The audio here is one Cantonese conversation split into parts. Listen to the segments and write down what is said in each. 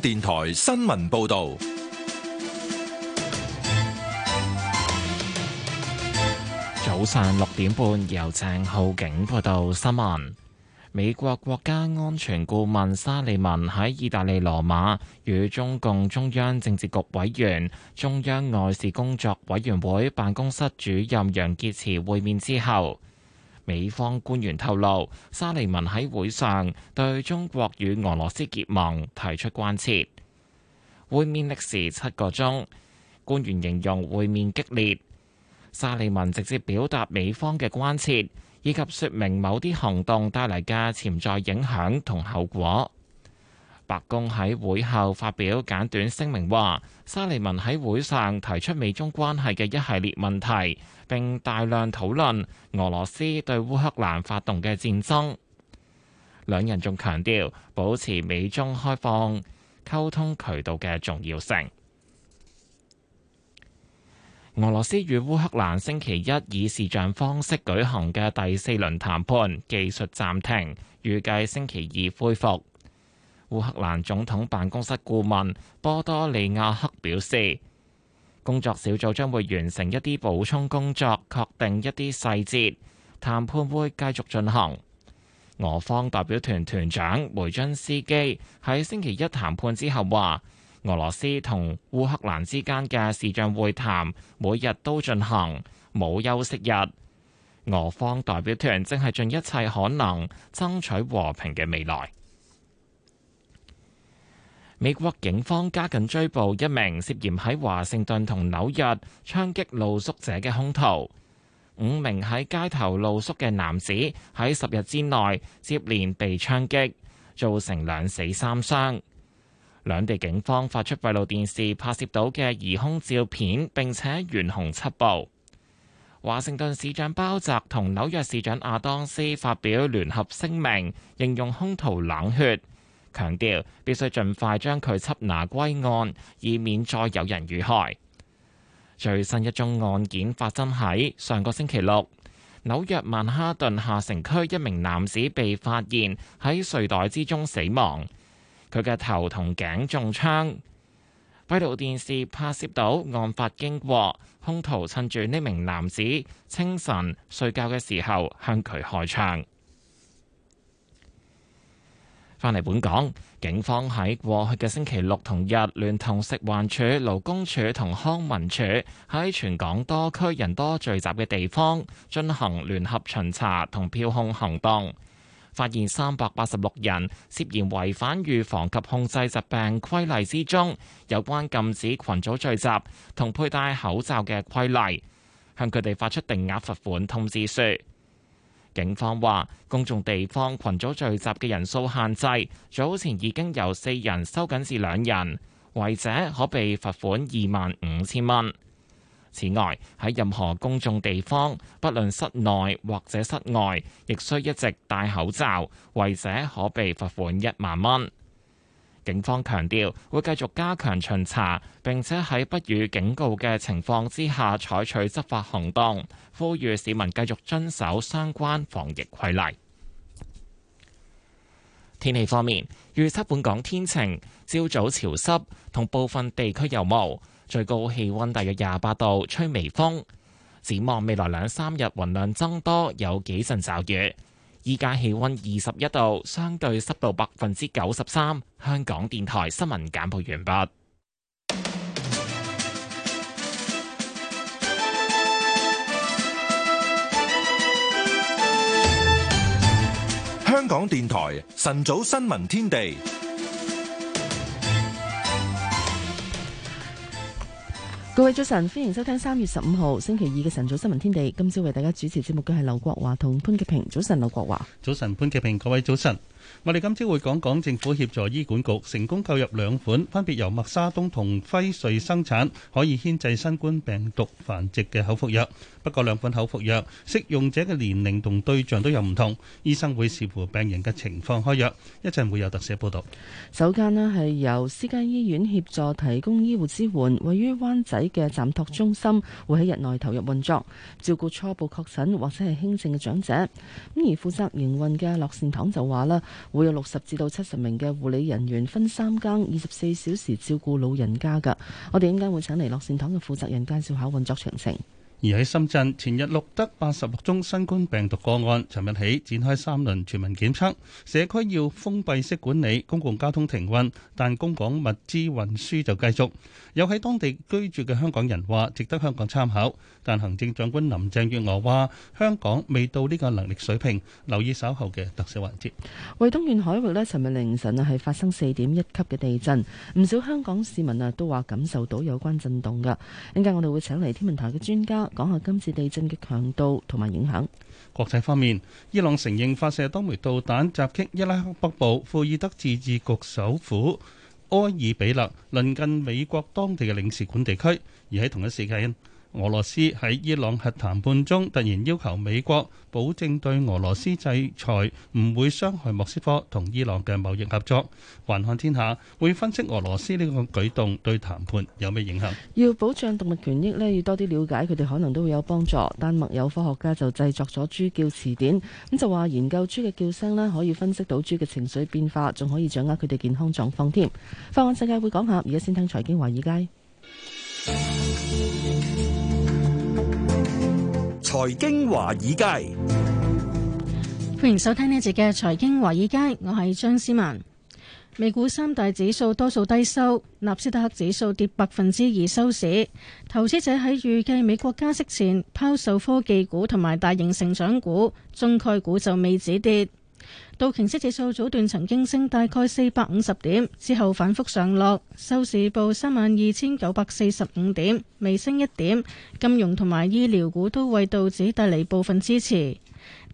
電台新聞報道，早上六點半，由鄭浩景報道新聞。美國國家安全顧問沙利文喺意大利羅馬與中共中央政治局委員、中央外事工作委員會辦公室主任楊潔篪會面之後。美方官員透露，沙利文喺會上對中國與俄羅斯結盟提出關切。會面歷時七個鐘，官員形容會面激烈。沙利文直接表達美方嘅關切，以及說明某啲行動帶嚟嘅潛在影響同後果。白宮喺會後發表簡短聲明，話沙利文喺會上提出美中關係嘅一系列問題，並大量討論俄羅斯對烏克蘭發動嘅戰爭。兩人仲強調保持美中開放溝通渠道嘅重要性。俄羅斯與烏克蘭星期一以視像方式舉行嘅第四輪談判，技術暫停，預計星期二恢復。烏克蘭總統辦公室顧問波多利亞克表示，工作小組將會完成一啲補充工作，確定一啲細節，談判會繼續進行。俄方代表團團長梅津斯基喺星期一談判之後話，俄羅斯同烏克蘭之間嘅視像會談每日都進行，冇休息日。俄方代表團正係盡一切可能爭取和平嘅未來。美國警方加緊追捕一名涉嫌喺華盛頓同紐約槍擊露宿者嘅兇徒。五名喺街頭露宿嘅男子喺十日之內接連被槍擊，造成兩死三傷。兩地警方發出閉路電視拍攝到嘅疑兇照片，並且懸紅七部。華盛頓市長鮑澤同紐約市長阿當斯發表聯合聲明，形容兇徒冷血。強調必須盡快將佢緝拿歸案，以免再有人遇害。最新一宗案件發生喺上個星期六，紐約曼哈頓下城區一名男子被發現喺睡袋之中死亡，佢嘅頭同頸中槍。閉路電視拍攝到案發經過，兇徒趁住呢名男子清晨睡覺嘅時候向佢開槍。返嚟本港，警方喺過去嘅星期六同日，聯同食環署、勞工署同康文署喺全港多區人多聚集嘅地方進行聯合巡查同票控行動，發現三百八十六人涉嫌違反預防及控制疾病規例之中有關禁止群組聚集同佩戴口罩嘅規例，向佢哋發出定額罰款通知書。警方話，公眾地方群組聚集嘅人數限制，早前已經由四人收緊至兩人，違者可被罰款二萬五千蚊。此外，喺任何公眾地方，不論室內或者室外，亦需一直戴口罩，違者可被罰款一萬蚊。警方強調會繼續加強巡查，並且喺不予警告嘅情況之下採取執法行動，呼籲市民繼續遵守相關防疫規例。天氣方面，預測本港天晴，朝早潮濕，同部分地區有霧，最高氣温大約廿八度，吹微風。展望未來兩三日，雲量增多，有幾陣驟雨。依家氣溫二十一度，相對濕度百分之九十三。香港電台新聞簡報完畢。香港電台晨早新聞天地。各位早晨，歡迎收聽三月十五號星期二嘅晨早新聞天地。今朝為大家主持節目嘅係劉國華同潘潔平。早晨，劉國華。早晨，潘潔平。各位早晨，我哋今朝會講講政府協助醫管局成功購入兩款分別由默沙東同輝瑞生產可以牽制新冠病毒繁殖嘅口服藥。一個兩款口服藥，適用者嘅年齡同對象都有唔同，醫生會視乎病人嘅情況開藥。一陣會有特寫報道。首間咧係由私家醫院協助提供醫護支援，位於灣仔嘅暫託中心會喺日內投入運作，照顧初步確診或者係輕症嘅長者。咁而負責營運嘅樂善堂就話啦，會有六十至到七十名嘅護理人員分三更二十四小時照顧老人家噶。我哋點解會請嚟樂善堂嘅負責人介紹下運作詳情？而喺深圳，前日錄得八十六宗新冠病毒個案，尋日起展開三輪全民檢測，社區要封閉式管理，公共交通停運，但供港物資運輸就繼續。有喺當地居住嘅香港人話：值得香港參考。但行政長官林鄭月娥話：香港未到呢個能力水平。留意稍後嘅特色環節。惠東縣海域咧，尋日凌晨啊，係發生四點一級嘅地震，唔少香港市民啊都話感受到有關震動嘅。一陣間我哋會請嚟天文台嘅專家。講下今次地震嘅強度同埋影響。國際方面，伊朗承認發射多枚導彈襲擊伊拉克北部庫爾德自治局首府埃爾比勒，鄰近美國當地嘅領事館地區，而喺同一時間。俄羅斯喺伊朗核談判中突然要求美國保證對俄羅斯制裁唔會傷害莫斯科同伊朗嘅貿易合作。環看天下會分析俄羅斯呢個舉動對談判有咩影響？要保障動物權益呢，要多啲了解佢哋，可能都會有幫助。丹麥有科學家就製作咗豬叫詞典，咁就話研究豬嘅叫聲呢，可以分析到豬嘅情緒變化，仲可以掌握佢哋健康狀況添。環看世界會講下，而家先聽財經華爾街。財經華爾街，歡迎收聽呢一節嘅財經華爾街，我係張思文。美股三大指數多數低收，納斯達克指數跌百分之二收市。投資者喺預計美國加息前，拋售科技股同埋大型成長股，中概股就未止跌。道瓊斯指數早段曾經升大概四百五十點，之後反覆上落，收市報三萬二千九百四十五點，微升一點。金融同埋醫療股都為道指帶嚟部分支持。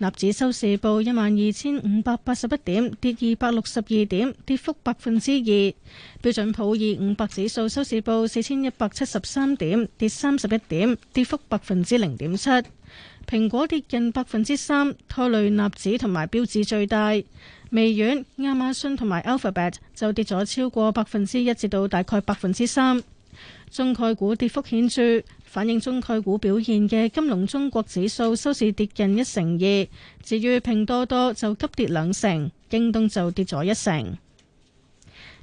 納指收市報一萬二千五百八十一點，跌二百六十二點，跌幅百分之二。標準普爾五百指數收市報四千一百七十三點，跌三十一點，跌幅百分之零點七。蘋果跌近百分之三，拖累納指同埋標指最大。微軟、亞馬遜同埋 Alphabet 就跌咗超過百分之一至到大概百分之三。中概股跌幅顯著，反映中概股表現嘅金龍中國指數收市跌近一成二。至於拼多多就急跌兩成，京東就跌咗一成。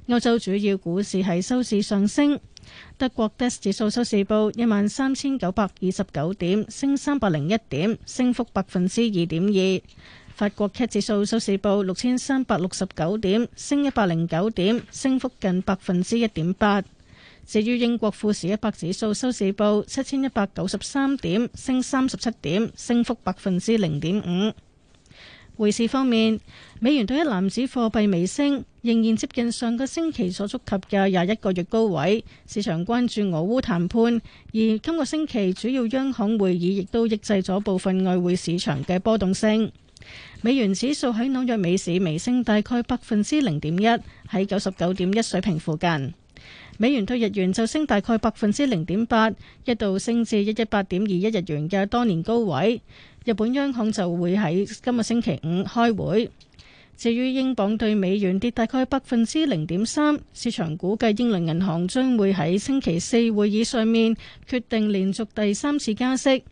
歐洲主要股市係收市上升，德國 DAX 指數收市報一萬三千九百二十九點，升三百零一點，升幅百分之二點二。法國 CAC 指數收市報六千三百六十九點，升一百零九點，升幅近百分之一點八。至於英國富時一百指數收市報七千一百九十三點，升三十七點，升幅百分之零點五。匯市方面，美元對一籃子貨幣微升。仍然接近上個星期所觸及嘅廿一個月高位，市場關注俄烏談判，而今個星期主要央行會議亦都抑制咗部分外匯市場嘅波動性。美元指數喺紐約美市微升大概百分之零點一，喺九十九點一水平附近。美元兌日元就升大概百分之零點八，一度升至一一八點二一日元嘅多年高位。日本央行就會喺今個星期五開會。至於英鎊對美元跌大概百分之零點三，市場估計英倫銀行將會喺星期四會議上面決定連續第三次加息。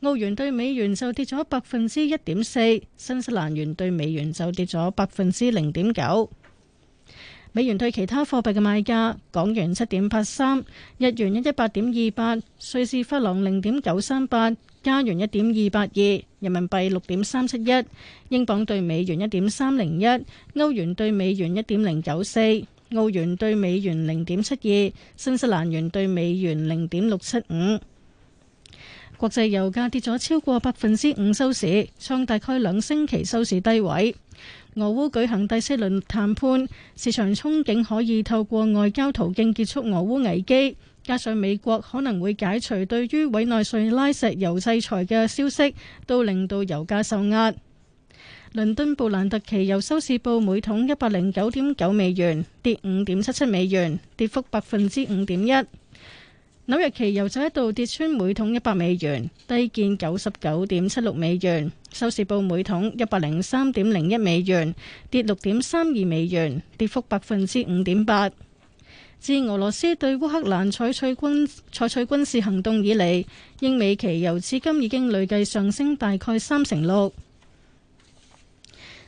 澳元對美元就跌咗百分之一點四，新西蘭元對美元就跌咗百分之零點九。美元對其他貨幣嘅賣價：港元七點八三，日元一一八點二八，瑞士法郎零點九三八。加元一點二八二，人民幣六點三七一，英鎊兌美元一點三零一，歐元兌美元一點零九四，澳元兌美元零點七二，新西蘭元兌美元零點六七五。國際油價跌咗超過百分之五收市，創大概兩星期收市低位。俄烏舉行第四輪談判，市場憧憬可以透過外交途徑結束俄烏,烏危機。加上美國可能會解除對於委內瑞拉石油制裁嘅消息，都令到油價受壓。倫敦布蘭特期油收市報每桶一百零九點九美元，跌五點七七美元，跌幅百分之五點一。紐約期油就一度跌穿每桶一百美元，低見九十九點七六美元，收市報每桶一百零三點零一美元，跌六點三二美元，跌幅百分之五點八。自俄羅斯對烏克蘭採取軍採取軍事行動以嚟，英美期油至今已經累計上升大概三成六。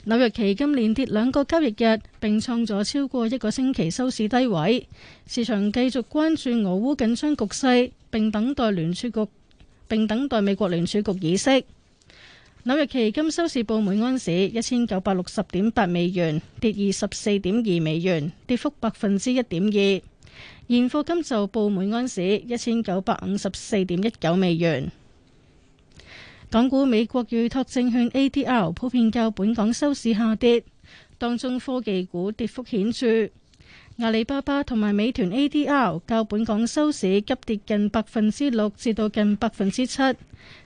紐約期金連跌兩個交易日，並創咗超過一個星期收市低位。市場繼續關注俄烏緊張局勢，並等待聯儲局並等待美國聯儲局議息。紐約期金收市報每盎司一千九百六十點八美元，跌二十四點二美元，跌幅百分之一點二。現貨金就報每盎司一千九百五十四點一九美元。港股美國預託證券 ADR 普遍較本港收市下跌，當中科技股跌幅顯著。阿里巴巴同埋美團 ADR 較本港收市急跌近百分之六，至到近百分之七。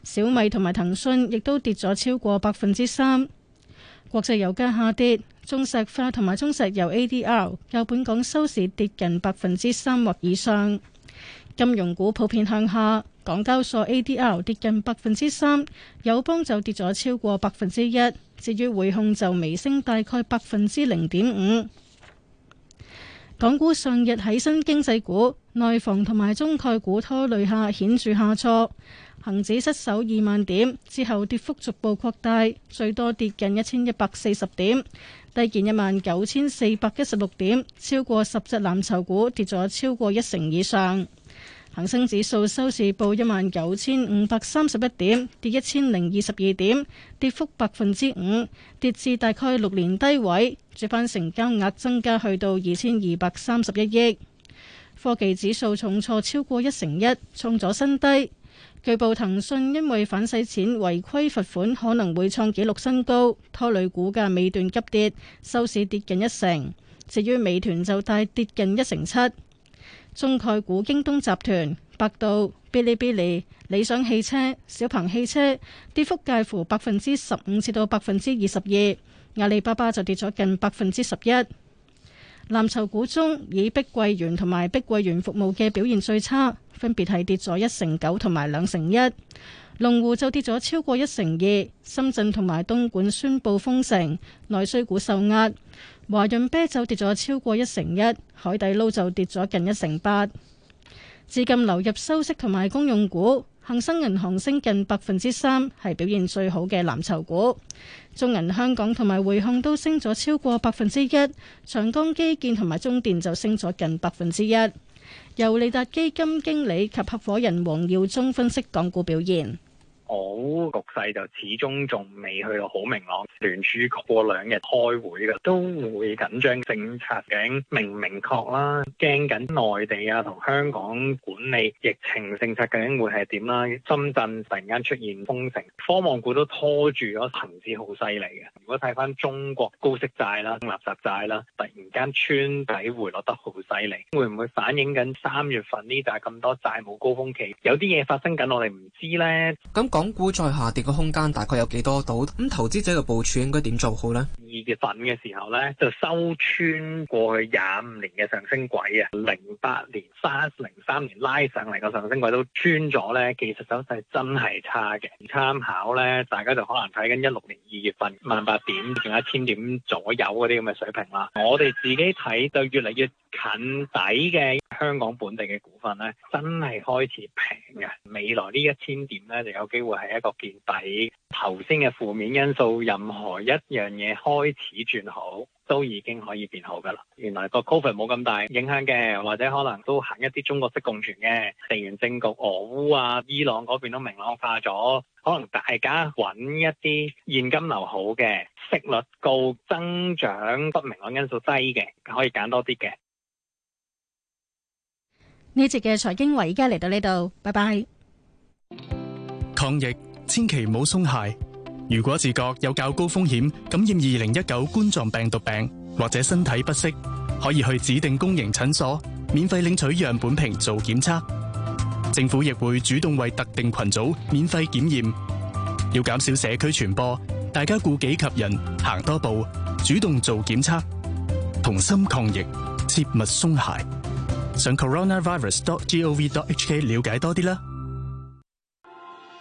小米同埋騰訊亦都跌咗超過百分之三。國際油價下跌，中石化同埋中石油 ADR 較本港收市跌近百分之三或以上。金融股普遍向下，港交所 ADR 跌近百分之三，友邦就跌咗超過百分之一，至於匯控就微升大概百分之零點五。港股上日起新經濟股、內房同埋中概股拖累下，顯著下挫，恒指失守二萬點之後，跌幅逐步擴大，最多跌近一千一百四十點，低見一萬九千四百一十六點，超過十隻藍籌股跌咗超過一成以上。恒生指數收市報一萬九千五百三十一點，跌一千零二十二點，跌幅百分之五，跌至大概六年低位。主板成交額增加去到二千二百三十一億。科技指數重挫超過一成一，創咗新低。據報騰訊因為反洗錢違規罰款，可能會創紀錄新高，拖累股價尾段急跌，收市跌近一成。至於美團就大跌近一成七。中概股京東集團、百度、嗶哩嗶哩、理想汽車、小鵬汽車跌幅介乎百分之十五至到百分之二十二，阿里巴巴就跌咗近百分之十一。藍籌股中，以碧桂園同埋碧桂園服務嘅表現最差，分別係跌咗一成九同埋兩成一。龍湖就跌咗超過一成二。深圳同埋東莞宣布封城，內需股受壓。華潤啤酒跌咗超過一成一，海底撈就跌咗近一成八。資金流入收息同埋公用股，恒生銀行升近百分之三，係表現最好嘅藍籌股。中銀香港同埋匯控都升咗超過百分之一，長江基建同埋中電就升咗近百分之一。由利達基金經理及合夥人黃耀忠分析港股表現。好局勢就始終仲未去到好明朗，聯儲過兩日開會嘅，都會緊張政策緊明唔明確啦，驚緊內地啊同香港管理疫情政策究竟會係點啦？深圳突然間出現封城，科網股都拖住咗成市好犀利嘅。如果睇返中國高息債啦、垃圾債啦，突然間穿底回落得好犀利，會唔會反映緊三月份呢？就係咁多債務高峰期，有啲嘢發生緊，我哋唔知呢。咁講。港股再下跌嘅空間大概有幾多度？咁投資者嘅部署應該點做好呢？二月份嘅時候呢，就收穿過去廿五年嘅上升軌啊，零八年三、零三年拉上嚟個上升軌都穿咗呢。技術走勢真係差嘅。參考呢，大家就可能睇緊一六年二月份萬八點仲有一千點左右嗰啲咁嘅水平啦。我哋自己睇就越嚟越近底嘅香港本地嘅股份呢，真係開始平嘅。未來呢一千點呢，就有機會。會係一個見底頭先嘅負面因素，任何一樣嘢開始轉好，都已經可以變好噶啦。原來個 Covid 冇咁大影響嘅，或者可能都行一啲中國式共存嘅地緣政局，俄烏啊、伊朗嗰邊都明朗化咗，可能大家揾一啲現金流好嘅息率高、增長不明朗因素低嘅，可以揀多啲嘅。呢節嘅財經位依家嚟到呢度，拜拜。抗疫千祈唔好鬆懈。如果自覺有較高風險感染二零一九冠狀病毒病，或者身體不適，可以去指定公營診所免費領取樣本瓶做檢測。政府亦會主動為特定群組免費檢驗。要減少社區傳播，大家顧己及人，行多步，主動做檢測，同心抗疫，切勿鬆懈。上 coronavirus.gov.hk 了解多啲啦。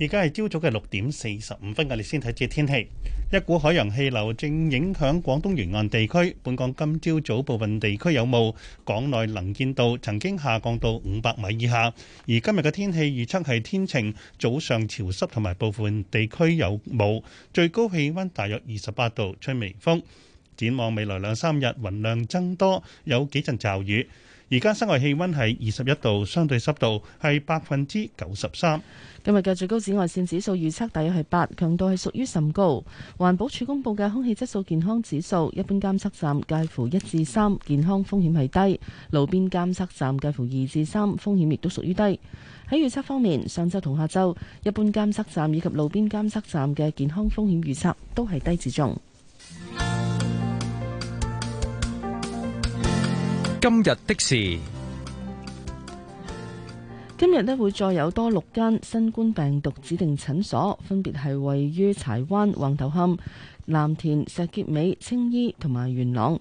而家係朝早嘅六點四十五分，我哋先睇下天氣。一股海洋氣流正影響廣東沿岸地區。本港今朝早部分地區有霧，港內能見度曾經下降到五百米以下。而今日嘅天氣預測係天晴，早上潮濕，同埋部分地區有霧。最高氣温大約二十八度，吹微風。展望未來兩三日，雲量增多，有幾陣驟雨。而家室外氣温係二十一度，相對濕度係百分之九十三。今日嘅最高紫外線指數預測大約係八，強度係屬於甚高。環保署公布嘅空氣質素健康指數，一般監測站介乎一至三，健康風險係低；路邊監測站介乎二至三，風險亦都屬於低。喺預測方面，上周同下周，一般監測站以及路邊監測站嘅健康風險預測都係低至中。今日的事。今日呢會再有多六間新冠病毒指定診所，分別係位於柴灣、橫頭磡、藍田、石硤尾、青衣同埋元朗。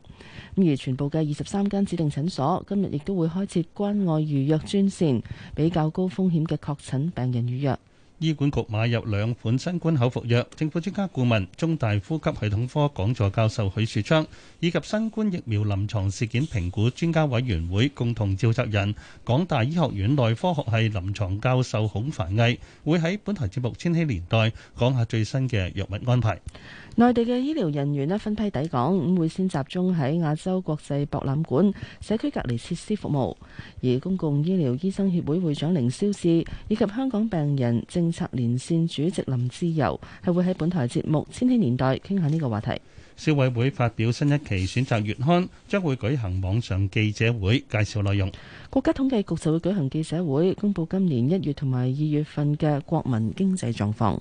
咁而全部嘅二十三間指定診所今日亦都會開設關愛預約專線，俾較高風險嘅確診病人預約。醫管局買入兩款新冠口服藥，政府專家顧問、中大呼吸系統科講座教授許樹昌以及新冠疫苗臨床事件評估專家委員會共同召集人、港大醫學院內科學系臨床教授孔繁毅會喺本台節目《千禧年代》講下最新嘅藥物安排。內地嘅醫療人員咧分批抵港，會先集中喺亞洲國際博覽館社區隔離設施服務，而公共醫療醫生協會會長凌霄志以及香港病人正政策連線主席林志游係會喺本台節目《千禧年代》傾下呢個話題。消委會發表新一期選擇月刊，將會舉行網上記者會介紹內容。國家統計局就會舉行記者會，公布今年一月同埋二月份嘅國民經濟狀況。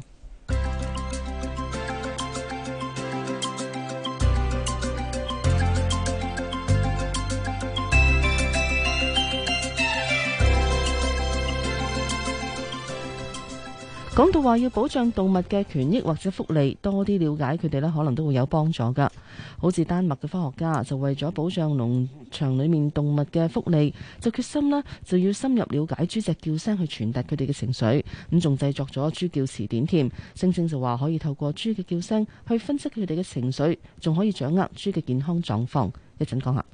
講到話要保障動物嘅權益或者福利，多啲了解佢哋呢，可能都會有幫助噶。好似丹麥嘅科學家就為咗保障農場裏面動物嘅福利，就決心呢，就要深入了解豬隻叫聲去傳達佢哋嘅情緒，咁仲製作咗豬叫詞典添。聲稱就話可以透過豬嘅叫聲去分析佢哋嘅情緒，仲可以掌握豬嘅健康狀況。一陣講下。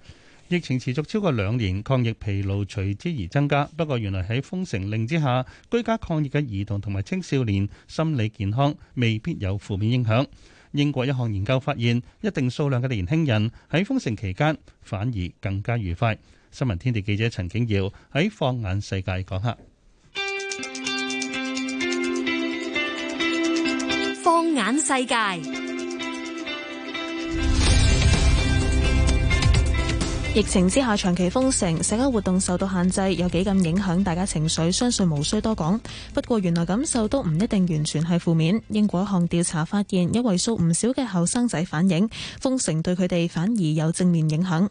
疫情持續超過兩年，抗疫疲勞隨之而增加。不過，原來喺封城令之下，居家抗疫嘅兒童同埋青少年心理健康未必有負面影響。英國一項研究發現，一定數量嘅年輕人喺封城期間反而更加愉快。新聞天地記者陳景耀喺放眼世界講下，放眼世界。疫情之下，長期封城，社交活動受到限制，有幾咁影響大家情緒，相信無需多講。不過原來感受都唔一定完全係負面。英國一項調查發現，有為數唔少嘅後生仔反映，封城對佢哋反而有正面影響。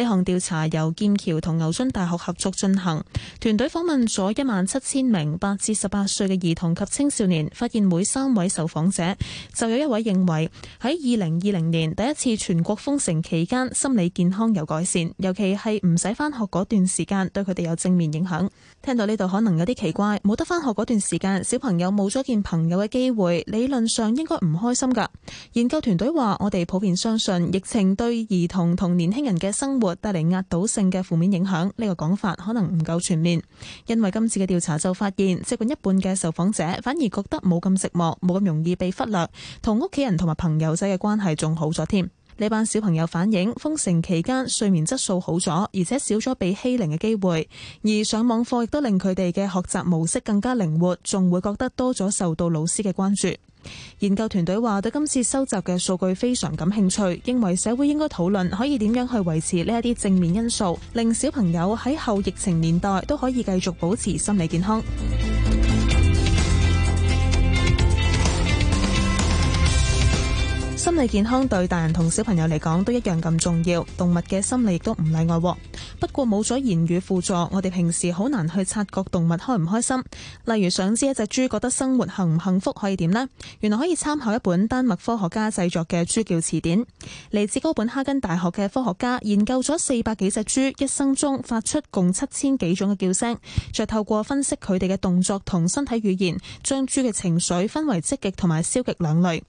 呢項調查由劍橋同牛津大學合作進行，團隊訪問咗一萬七千名八至十八歲嘅兒童及青少年，發現每三位受訪者就有一位認為喺二零二零年第一次全國封城期間心理健康有改善，尤其係唔使返學嗰段時間對佢哋有正面影響。聽到呢度可能有啲奇怪，冇得返學嗰段時間，小朋友冇咗見朋友嘅機會，理論上應該唔開心㗎。研究團隊話，我哋普遍相信疫情對兒童同年輕人嘅生活，帶嚟壓倒性嘅負面影響，呢個講法可能唔夠全面，因為今次嘅調查就發現，接近一半嘅受訪者反而覺得冇咁寂寞，冇咁容易被忽略，同屋企人同埋朋友仔嘅關係仲好咗添。呢班小朋友反映封城期間睡眠質素好咗，而且少咗被欺凌嘅機會，而上網課亦都令佢哋嘅學習模式更加靈活，仲會覺得多咗受到老師嘅關注。研究團隊話對今次收集嘅數據非常感興趣，認為社會應該討論可以點樣去維持呢一啲正面因素，令小朋友喺後疫情年代都可以繼續保持心理健康。健康對大人同小朋友嚟講都一樣咁重要，動物嘅心理亦都唔例外。不過冇咗言語輔助，我哋平時好難去察覺動物開唔開心。例如想知一隻豬覺得生活幸唔幸福，可以點呢？原來可以參考一本丹麥科學家製作嘅豬叫詞典。嚟自哥本哈根大學嘅科學家研究咗四百幾隻豬，一生中發出共七千幾種嘅叫聲，再透過分析佢哋嘅動作同身體語言，將豬嘅情緒分為積極同埋消極兩類。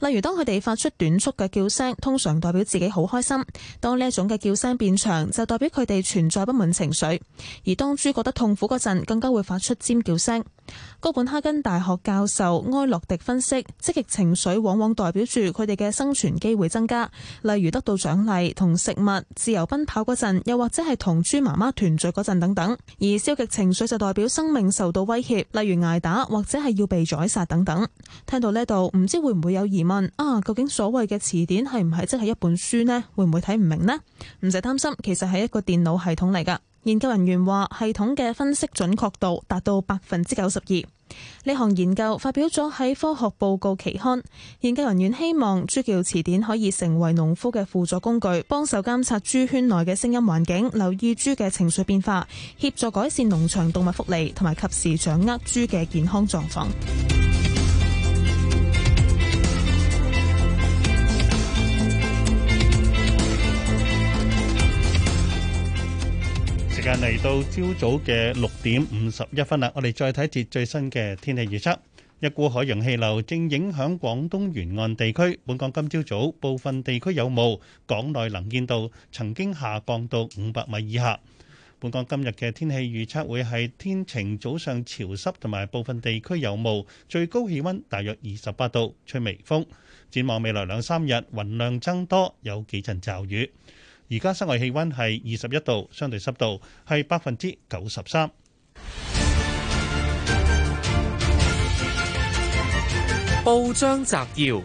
例如當佢哋發出短促嘅叫聲，通常代表自己好開心，當呢一種嘅叫聲變長，就代表佢哋存在不滿情緒，而當豬覺得痛苦嗰陣，更加會發出尖叫聲。哥本哈根大學教授埃洛迪分析，積極情緒往往代表住佢哋嘅生存機會增加，例如得到獎勵同食物、自由奔跑嗰陣，又或者係同豬媽媽團聚嗰陣等等。而消極情緒就代表生命受到威脅，例如挨打或者係要被宰殺等等。聽到呢度，唔知會唔會有疑問啊？究竟所謂嘅詞典係唔係即係一本書呢？會唔會睇唔明呢？唔使擔心，其實係一個電腦系統嚟噶。研究人員話，系統嘅分析準確度達到百分之九十二。呢項研究發表咗喺《科學報告》期刊。研究人員希望豬叫詞典可以成為農夫嘅輔助工具，幫手監察豬圈內嘅聲音環境，留意豬嘅情緒變化，協助改善農場動物福利，同埋及及時掌握豬嘅健康狀況。今日嚟到朝早嘅六點五十一分啦，我哋再睇一節最新嘅天氣預測。一股海洋氣流正影響廣東沿岸地區，本港今朝早部分地區有霧，港內能見度曾經下降到五百米以下。本港今日嘅天氣預測會係天晴，早上潮濕同埋部分地區有霧，最高氣温大約二十八度，吹微風。展望未來兩三日，雲量增多，有幾陣驟雨。而家室外氣溫係二十一度，相對濕度係百分之九十三。報章摘要，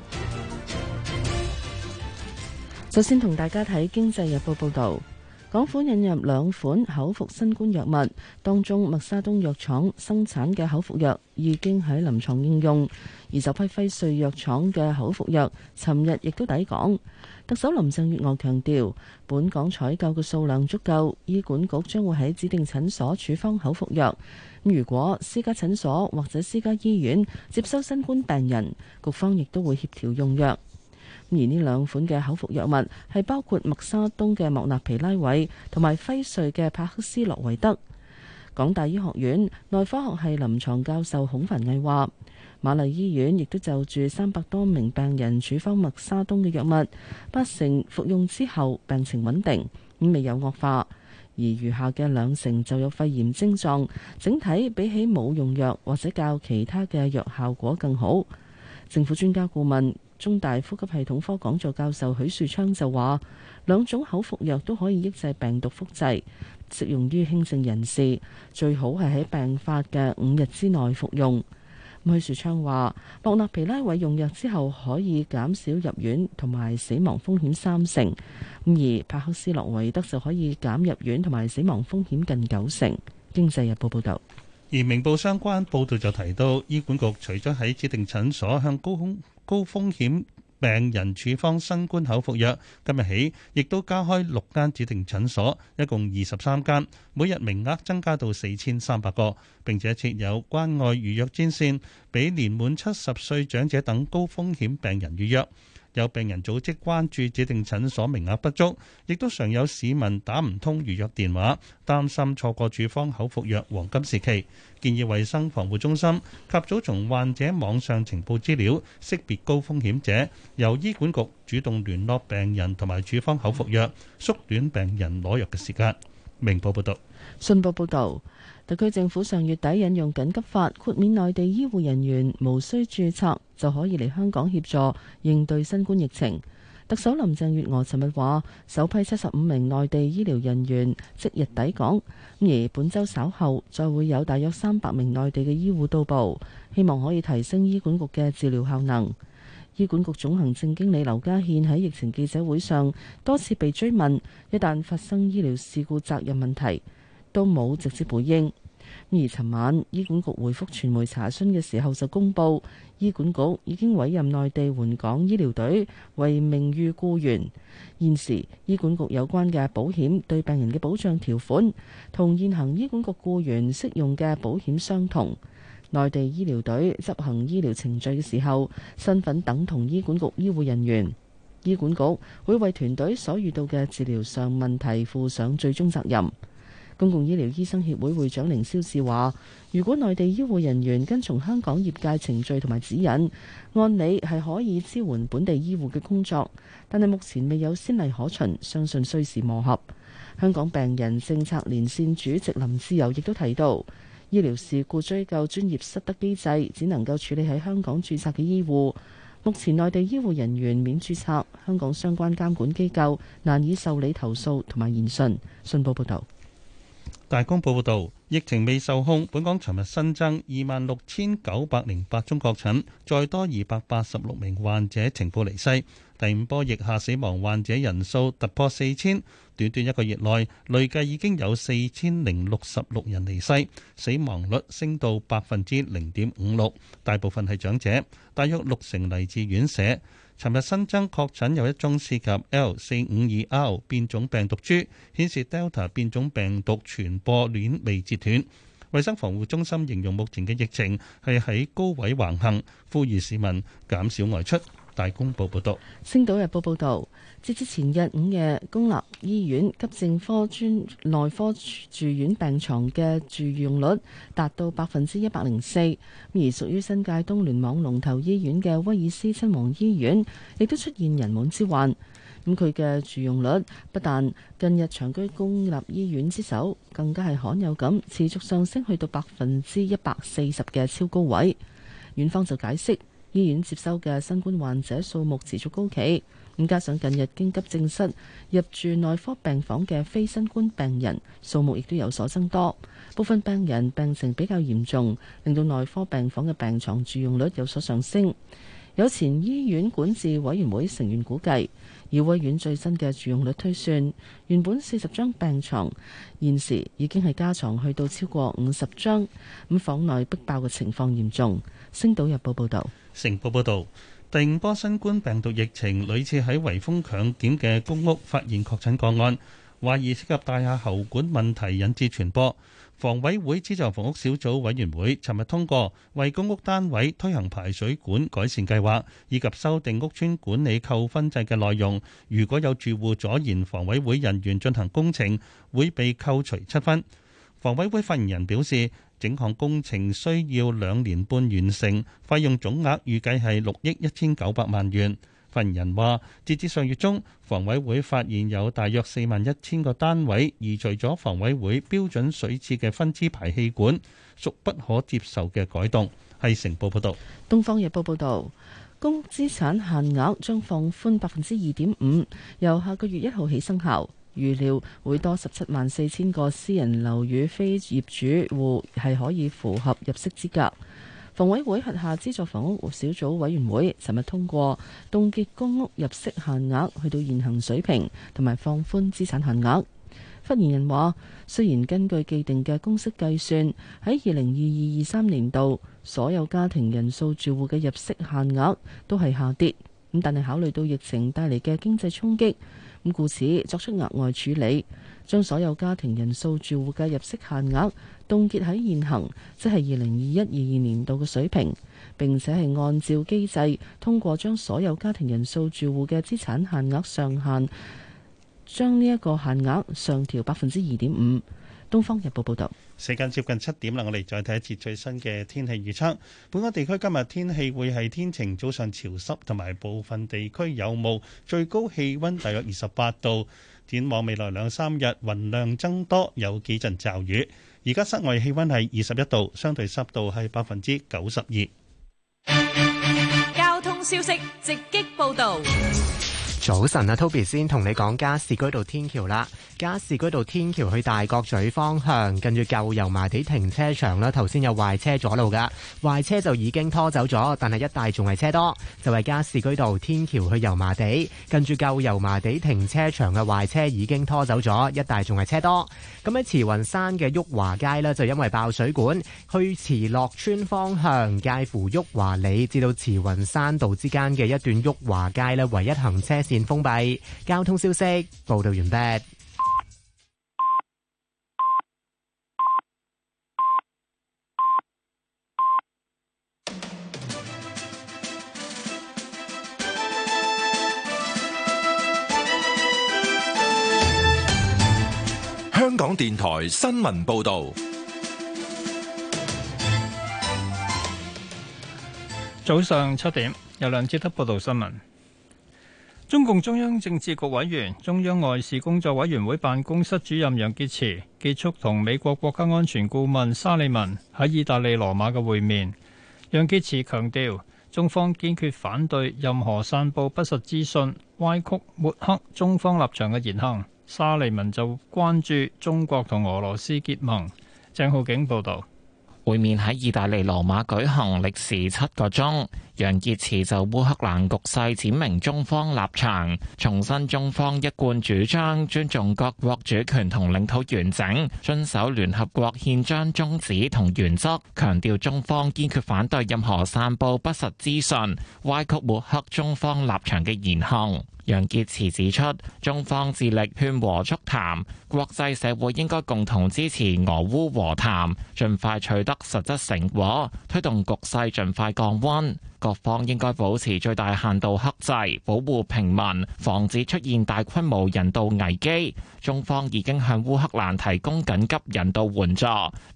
首先同大家睇《經濟日報》報道，港府引入兩款口服新冠藥物，當中麥沙東藥廠生產嘅口服藥已經喺臨牀應用，而就批輝瑞藥廠嘅口服藥，尋日亦都抵港。特首林鄭月娥強調，本港採購嘅數量足夠，醫管局將會喺指定診所處方口服藥。咁如果私家診所或者私家醫院接收新冠病人，局方亦都會協調用藥。而呢兩款嘅口服藥物係包括默沙東嘅莫納皮拉韋同埋輝瑞嘅帕克斯洛維德。港大醫學院內科學系臨床教授孔凡毅話：瑪麗醫院亦都就住三百多名病人處方默沙東嘅藥物，八成服用之後病情穩定，未有惡化；而餘下嘅兩成就有肺炎症狀，整體比起冇用藥或者較其他嘅藥效果更好。政府專家顧問中大呼吸系統科講座教授許樹昌就話：兩種口服藥都可以抑制病毒複製。適用於輕症人士，最好係喺病發嘅五日之內服用。許樹昌話：博納皮拉韋用藥之後，可以減少入院同埋死亡風險三成；而帕克斯洛維德就可以減入院同埋死亡風險近九成。經濟日報報導，而明報相關報導就提到，醫管局除咗喺指定診所向高空高風險。病人處方新冠口服藥，今日起亦都加開六間指定診所，一共二十三間，每日名額增加到四千三百個，並且設有關愛預約專線，俾年滿七十歲長者等高風險病人預約。有病人組織關注指定診所名額不足，亦都常有市民打唔通預約電話，擔心錯過處方口服藥黃金時期。建議衞生防護中心及早從患者網上呈報資料，識別高風險者，由醫管局主動聯絡病人同埋處方口服藥，縮短病人攞藥嘅時間。明報報導，信報報導。特區政府上月底引用緊急法，豁免內地醫護人員無需註冊就可以嚟香港協助應對新冠疫情。特首林鄭月娥尋日話，首批七十五名內地醫療人員即日抵港，而本週稍後再會有大約三百名內地嘅醫護到埗，希望可以提升醫管局嘅治療效能。醫管局總行政經理劉家獻喺疫情記者會上多次被追問，一旦發生醫療事故責任問題，都冇直接回應。而尋晚醫管局回覆傳媒查詢嘅時候就公布，醫管局已經委任內地援港醫療隊為名譽僱員。現時醫管局有關嘅保險對病人嘅保障條款，同現行醫管局僱員適用嘅保險相同。內地醫療隊執行醫療程序嘅時候，身份等同醫管局醫護人員。醫管局會為團隊所遇到嘅治療上問題負上最終責任。公共醫療醫生協會會長凌霄志話，如果內地醫護人員跟從香港業界程序同埋指引，按理係可以支援本地醫護嘅工作，但係目前未有先例可循，相信需時磨合。香港病人政策連線主席林志釉亦都提到，醫療事故追究專業失德機制只能夠處理喺香港註冊嘅醫護。目前內地醫護人員免註冊，香港相關監管機構難以受理投訴同埋聆訊。信報報道。大公報報道，疫情未受控，本港尋日新增二萬六千九百零八宗確診，再多二百八十六名患者情況離世。第五波疫下死亡患者人數突破四千，短短一個月內累計已經有四千零六十六人離世，死亡率升到百分之零點五六，大部分係長者，大約六成嚟自院舍。尋日新增確診有一宗涉及 L452R 變種病毒株，顯示 Delta 變種病毒傳播鏈未截斷。衛生防護中心形容目前嘅疫情係喺高位橫行，呼籲市民減少外出。大公報報道。星島日報報道。截至前日午夜，公立醫院急症科專內科住院病床嘅住用率達到百分之一百零四，而屬於新界東聯網龍頭醫院嘅威爾斯親王醫院亦都出現人滿之患。咁佢嘅住用率不但近日長居公立醫院之首，更加係罕有咁持續上升，去到百分之一百四十嘅超高位。院方就解釋，醫院接收嘅新冠患者數目持續高企。咁加上近日經急症室入住內科病房嘅非新冠病人數目亦都有所增多，部分病人病情比較嚴重，令到內科病房嘅病床住用率有所上升。有前醫院管治委員會成員估計，以威院最新嘅住用率推算，原本四十張病床，現時已經係加床去到超過五十張。咁房內逼爆嘅情況嚴重。星島日報報道。成報報道。第五波新冠病毒疫情，屢次喺圍封強檢嘅公屋發現確診個案，懷疑涉及大廈喉管問題引致傳播。房委會資助房屋小組委員會尋日通過，為公屋單位推行排水管改善計劃，以及修訂屋邨管理扣分制嘅內容。如果有住戶阻延房委會人員進行工程，會被扣除七分。房委會發言人表示。整項工程需要兩年半完成，費用總額預計係六億一千九百萬元。份人話，截至上月中，房委會發現有大約四萬一千個單位移除咗房委會標準水廁嘅分支排氣管，屬不可接受嘅改動。係成報報道：《東方日報》報道，公屋資產限額將放寬百分之二點五，由下個月一號起生效。預料會多十七萬四千個私人樓宇非業主戶係可以符合入息資格。房委會轄下資助房屋小組委員會尋日通過凍結公屋入息限額去到現行水平，同埋放寬資產限額。發言人話：雖然根據既定嘅公式計算，喺二零二二二三年度所有家庭人數住戶嘅入息限額都係下跌，咁但係考慮到疫情帶嚟嘅經濟衝擊，故此作出額外處理，將所有家庭人數住戶嘅入息限額凍結喺現行，即係二零二一、二二年度嘅水平。並且係按照機制，通過將所有家庭人數住戶嘅資產限額上限，將呢一個限額上調百分之二點五。《東方日報》報道。時間接近七點啦，我哋再睇一次最新嘅天氣預測。本港地區今日天氣會係天晴，早上潮濕，同埋部分地區有霧，最高氣溫大約二十八度。展望未來兩三日，雲量增多，有幾陣驟雨。而家室外氣溫係二十一度，相對濕度係百分之九十二。交通消息直擊報道。早晨啊，Toby 先同你講加士居道天橋啦，加士居道天橋去大角咀方向，近住舊油麻地停車場啦，頭先有壞車阻路噶，壞車就已經拖走咗，但係一帶仲係車多，就係加士居道天橋去油麻地，跟住舊油麻地停車場嘅壞車已經拖走咗，一帶仲係車多。咁喺慈雲山嘅毓華街咧，就因為爆水管，去慈樂村方向介乎毓華里至到慈雲山道之間嘅一段毓華街咧，唯一行車現封閉。交通消息報道完畢。香港電台新聞報道。早上七點，由梁志德報道新聞。中共中央政治局委員、中央外事工作委員會辦公室主任楊潔篪結束同美國國家安全顧問沙利文喺意大利羅馬嘅會面。楊潔篪強調，中方堅決反對任何散布不實資訊、歪曲抹黑中方立場嘅言行。沙利文就關注中國同俄羅斯結盟。鄭浩景報道，會面喺意大利羅馬舉行，歷時七個鐘。楊潔篪就烏克蘭局勢闡明中方立場，重申中方一貫主張尊重各國主權同領土完整，遵守聯合國憲章宗旨同原則，強調中方堅決反對任何散布不實資訊、歪曲抹黑中方立場嘅言行。楊潔篪指出，中方致力勸和促談。國際社會應該共同支持俄烏和談，盡快取得實質成果，推動局勢盡快降溫。各方應該保持最大限度克制，保護平民，防止出現大規模人道危機。中方已經向烏克蘭提供緊急人道援助，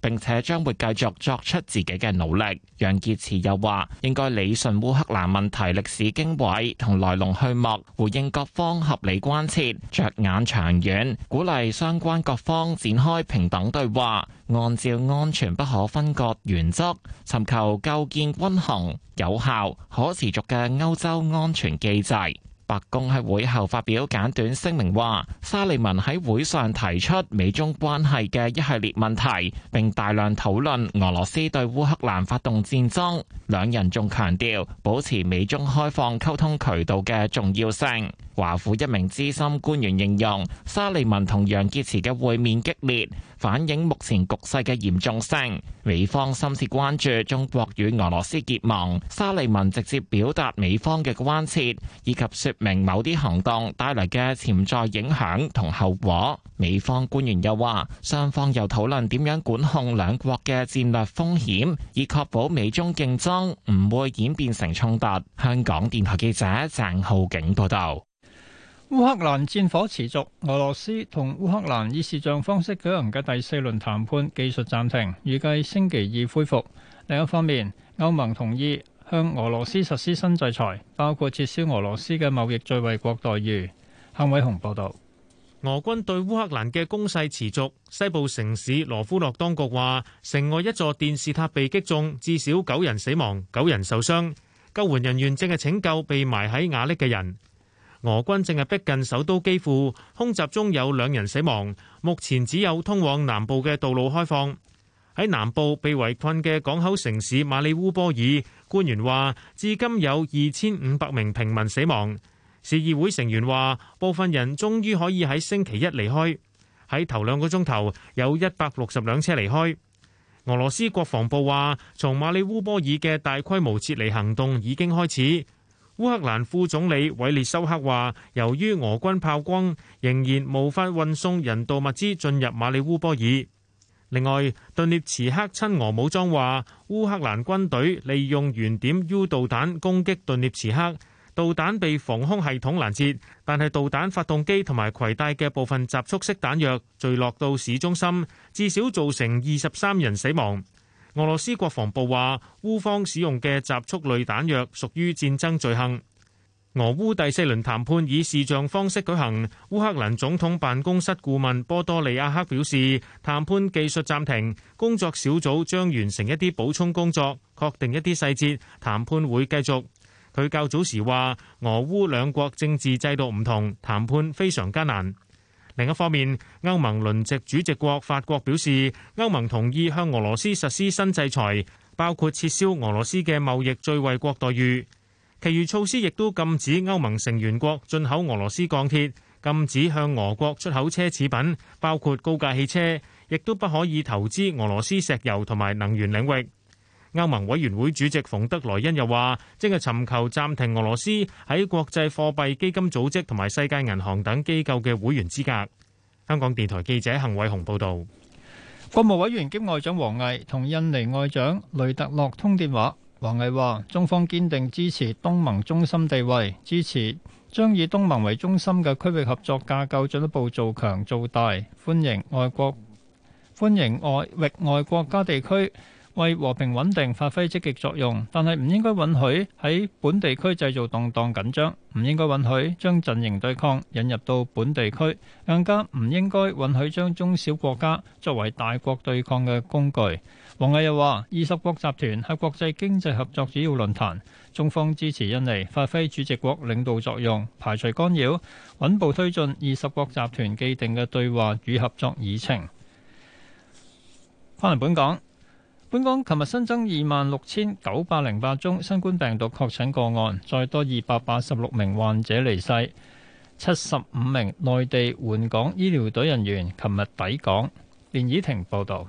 並且將會繼續作出自己嘅努力。楊潔篪又話：應該理順烏克蘭問題歷史經緯同來龍去脈，回應各方合理關切，着眼長遠，鼓勵雙。相關各方展開平等對話，按照安全不可分割原則，尋求構建均衡、有效、可持續嘅歐洲安全機制。白宮喺會後發表簡短聲明話，沙利文喺會上提出美中關係嘅一系列問題，並大量討論俄羅斯對烏克蘭發動戰爭。兩人仲強調保持美中開放溝通渠道嘅重要性。華府一名資深官員形容，沙利文同楊潔篪嘅會面激烈。反映目前局勢嘅嚴重性，美方深切關注中國與俄羅斯結盟。沙利文直接表達美方嘅關切，以及說明某啲行動帶嚟嘅潛在影響同後果。美方官員又話，雙方又討論點樣管控兩國嘅戰略風險，以確保美中競爭唔會演變成衝突。香港電台記者鄭浩景報道。烏克蘭戰火持續，俄羅斯同烏克蘭以視像方式舉行嘅第四輪談判技術暫停，預計星期二恢復。另一方面，歐盟同意向俄羅斯實施新制裁，包括撤銷俄羅斯嘅貿易最惠國待遇。向偉雄報道。俄軍對烏克蘭嘅攻勢持續，西部城市羅夫諾當局話，城外一座電視塔被擊中，至少九人死亡，九人受傷，救援人員正係拯救被埋喺瓦礫嘅人。俄軍正係逼近首都基輔，空襲中有兩人死亡。目前只有通往南部嘅道路開放。喺南部被圍困嘅港口城市馬里烏波爾，官員話至今有二千五百名平民死亡。市議會成員話，部分人終於可以喺星期一離開，喺頭兩個鐘頭有一百六十輛車離開。俄羅斯國防部話，從馬里烏波爾嘅大規模撤離行動已經開始。烏克蘭副總理韋列修克話，由於俄軍炮轟，仍然無法運送人道物資進入馬里烏波爾。另外，頓涅茨克親俄武裝話，烏克蘭軍隊利用圓點 U 導彈攻擊頓涅茨克，導彈被防空系統攔截，但係導彈發動機同埋携帶嘅部分集束式彈藥墜落到市中心，至少造成二十三人死亡。俄羅斯國防部話，烏方使用嘅集束類彈藥屬於戰爭罪行。俄烏第四輪談判以視像方式舉行。烏克蘭總統辦公室顧問波多利亞克表示，談判技術暫停，工作小組將完成一啲補充工作，確定一啲細節，談判會繼續。佢較早時話，俄烏兩國政治制度唔同，談判非常艱難。另一方面，歐盟輪值主席國法國表示，歐盟同意向俄羅斯實施新制裁，包括撤銷俄羅斯嘅貿易最惠國待遇，其餘措施亦都禁止歐盟成員國進口俄羅斯鋼鐵，禁止向俄國出口奢侈品，包括高價汽車，亦都不可以投資俄羅斯石油同埋能源領域。歐盟委員會主席馮德萊恩又話：，即係尋求暫停俄羅斯喺國際貨幣基金組織同埋世界銀行等機構嘅會員資格。香港電台記者幸偉雄報道。國務委員兼外長王毅同印尼外長雷特洛通電話。王毅話：，中方堅定支持東盟中心地位，支持將以東盟為中心嘅區域合作架構進一步做強做大，歡迎外國、歡迎外域外國家地區。為和平穩定發揮積極作用，但係唔應該允許喺本地區製造動盪緊張，唔應該允許將陣營對抗引入到本地區，更加唔應該允許將中小國家作為大國對抗嘅工具。王毅又話：二十國集團係國際經濟合作主要論壇，中方支持印尼發揮主席國領導作用，排除干擾，穩步推進二十國集團既定嘅對話與合作議程。翻嚟本港。本港琴日新增二萬六千九百零八宗新冠病毒確診個案，再多二百八十六名患者離世。七十五名內地援港醫療隊人員琴日抵港。連倚婷報道。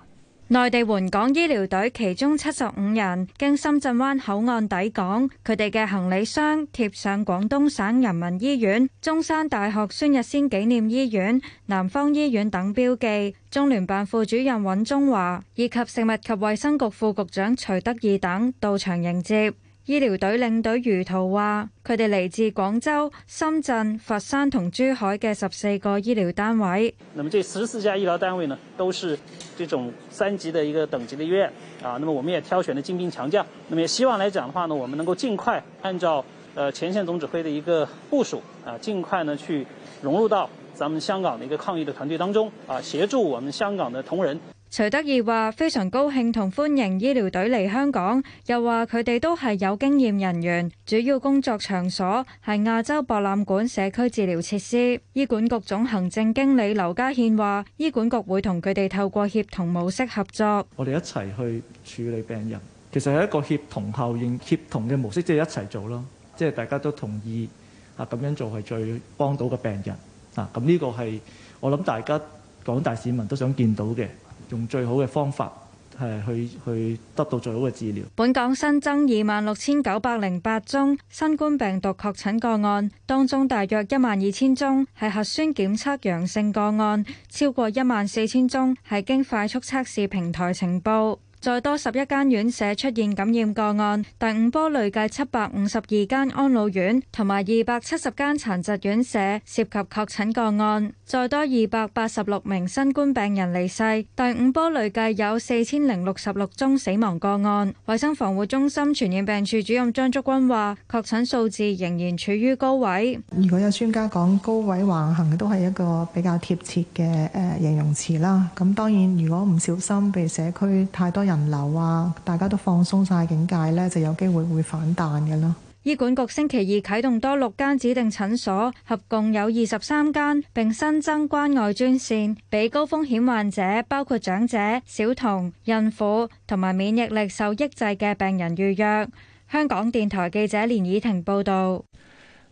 內地援港醫療隊其中七十五人經深圳灣口岸抵港，佢哋嘅行李箱貼上廣東省人民醫院、中山大學孫逸仙紀念醫院、南方醫院等標記。中聯辦副主任尹宗華，以及食物及衛生局副局長徐德義等到場迎接。醫療隊領隊余濤話：佢哋嚟自廣州、深圳、佛山同珠海嘅十四個醫療單位。那麼這十四家醫療單位呢，都是這種三級的一個等級的醫院啊。那麼我們也挑選了精兵強將，那麼也希望來講的話呢，我們能夠盡快按照呃前線總指揮的一個部署啊，盡快呢去融入到咱們香港的一個抗疫的團隊當中啊，協助我們香港的同仁。徐德義話：非常高興同歡迎醫療隊嚟香港，又話佢哋都係有經驗人員。主要工作場所係亞洲博覽館社區治療設施。醫管局總行政經理劉家憲話：醫管局會同佢哋透過協同模式合作，我哋一齊去處理病人，其實係一個協同效應，協同嘅模式，即係一齊做咯，即係大家都同意啊，咁樣做係最幫到個病人啊。咁呢個係我諗大家廣大市民都想見到嘅。用最好嘅方法係去去得到最好嘅治療。本港新增二萬六千九百零八宗新冠病毒確診個案，當中大約一萬二千宗係核酸檢測陽性個案，超過一萬四千宗係經快速測試平台呈報。再多十一間院舍出現感染個案，第五波累計七百五十二間安老院同埋二百七十間殘疾院舍涉及確診個案，再多二百八十六名新冠病人離世，第五波累計有四千零六十六宗死亡個案。衛生防護中心傳染病處主任張竹君話，確診數字仍然處於高位。如果有專家講高位橫行都係一個比較貼切嘅誒形容詞啦。咁當然，如果唔小心被社區太多。人流啊，大家都放鬆曬警戒咧，就有機會會反彈嘅啦。醫管局星期二啟動多六間指定診所，合共有二十三間，並新增關愛專線，俾高風險患者，包括長者、小童、孕婦同埋免疫力受抑制嘅病人預約。香港電台記者連以婷報道。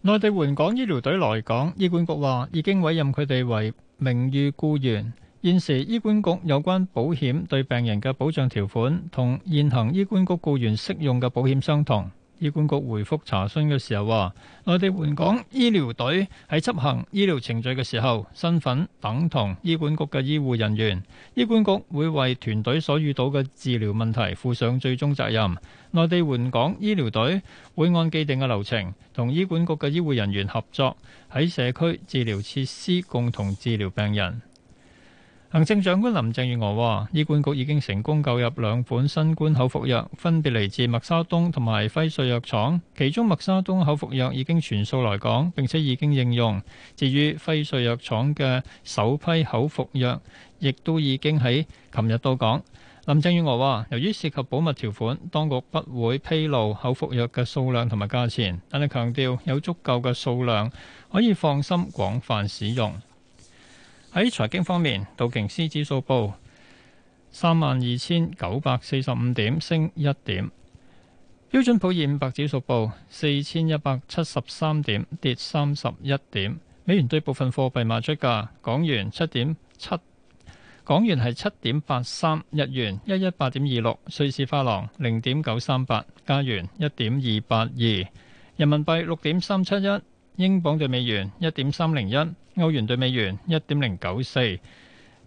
內地援港醫療隊來港，醫管局話已經委任佢哋為名譽雇員。現時醫管局有關保險對病人嘅保障條款，同現行醫管局僱員適用嘅保險相同。醫管局回覆查詢嘅時候話，內地援港醫療隊喺執行醫療程序嘅時候，身份等同醫管局嘅醫護人員。醫管局會為團隊所遇到嘅治療問題負上最終責任。內地援港醫療隊會按既定嘅流程，同醫管局嘅醫護人員合作喺社區治療設施共同治療病人。行政長官林鄭月娥話：醫管局已經成功購入兩款新冠口服藥，分別嚟自默沙東同埋輝瑞藥廠。其中默沙東口服藥已經全數來港，並且已經應用。至於輝瑞藥廠嘅首批口服藥，亦都已經喺琴日到港。林鄭月娥話：由於涉及保密條款，當局不會披露口服藥嘅數量同埋價錢，但係強調有足夠嘅數量可以放心廣泛使用。喺財經方面，道瓊斯指數報三萬二千九百四十五點，升一點；標準普爾五百指數報四千一百七十三點，跌三十一點。美元對部分貨幣賣出價：港元七點七，港元係七點八三，日元一一八點二六；瑞士法郎零點九三八，加元一點二八二，人民幣六點三七一。英鎊兌美元一點三零一，歐元兌美元一點零九四，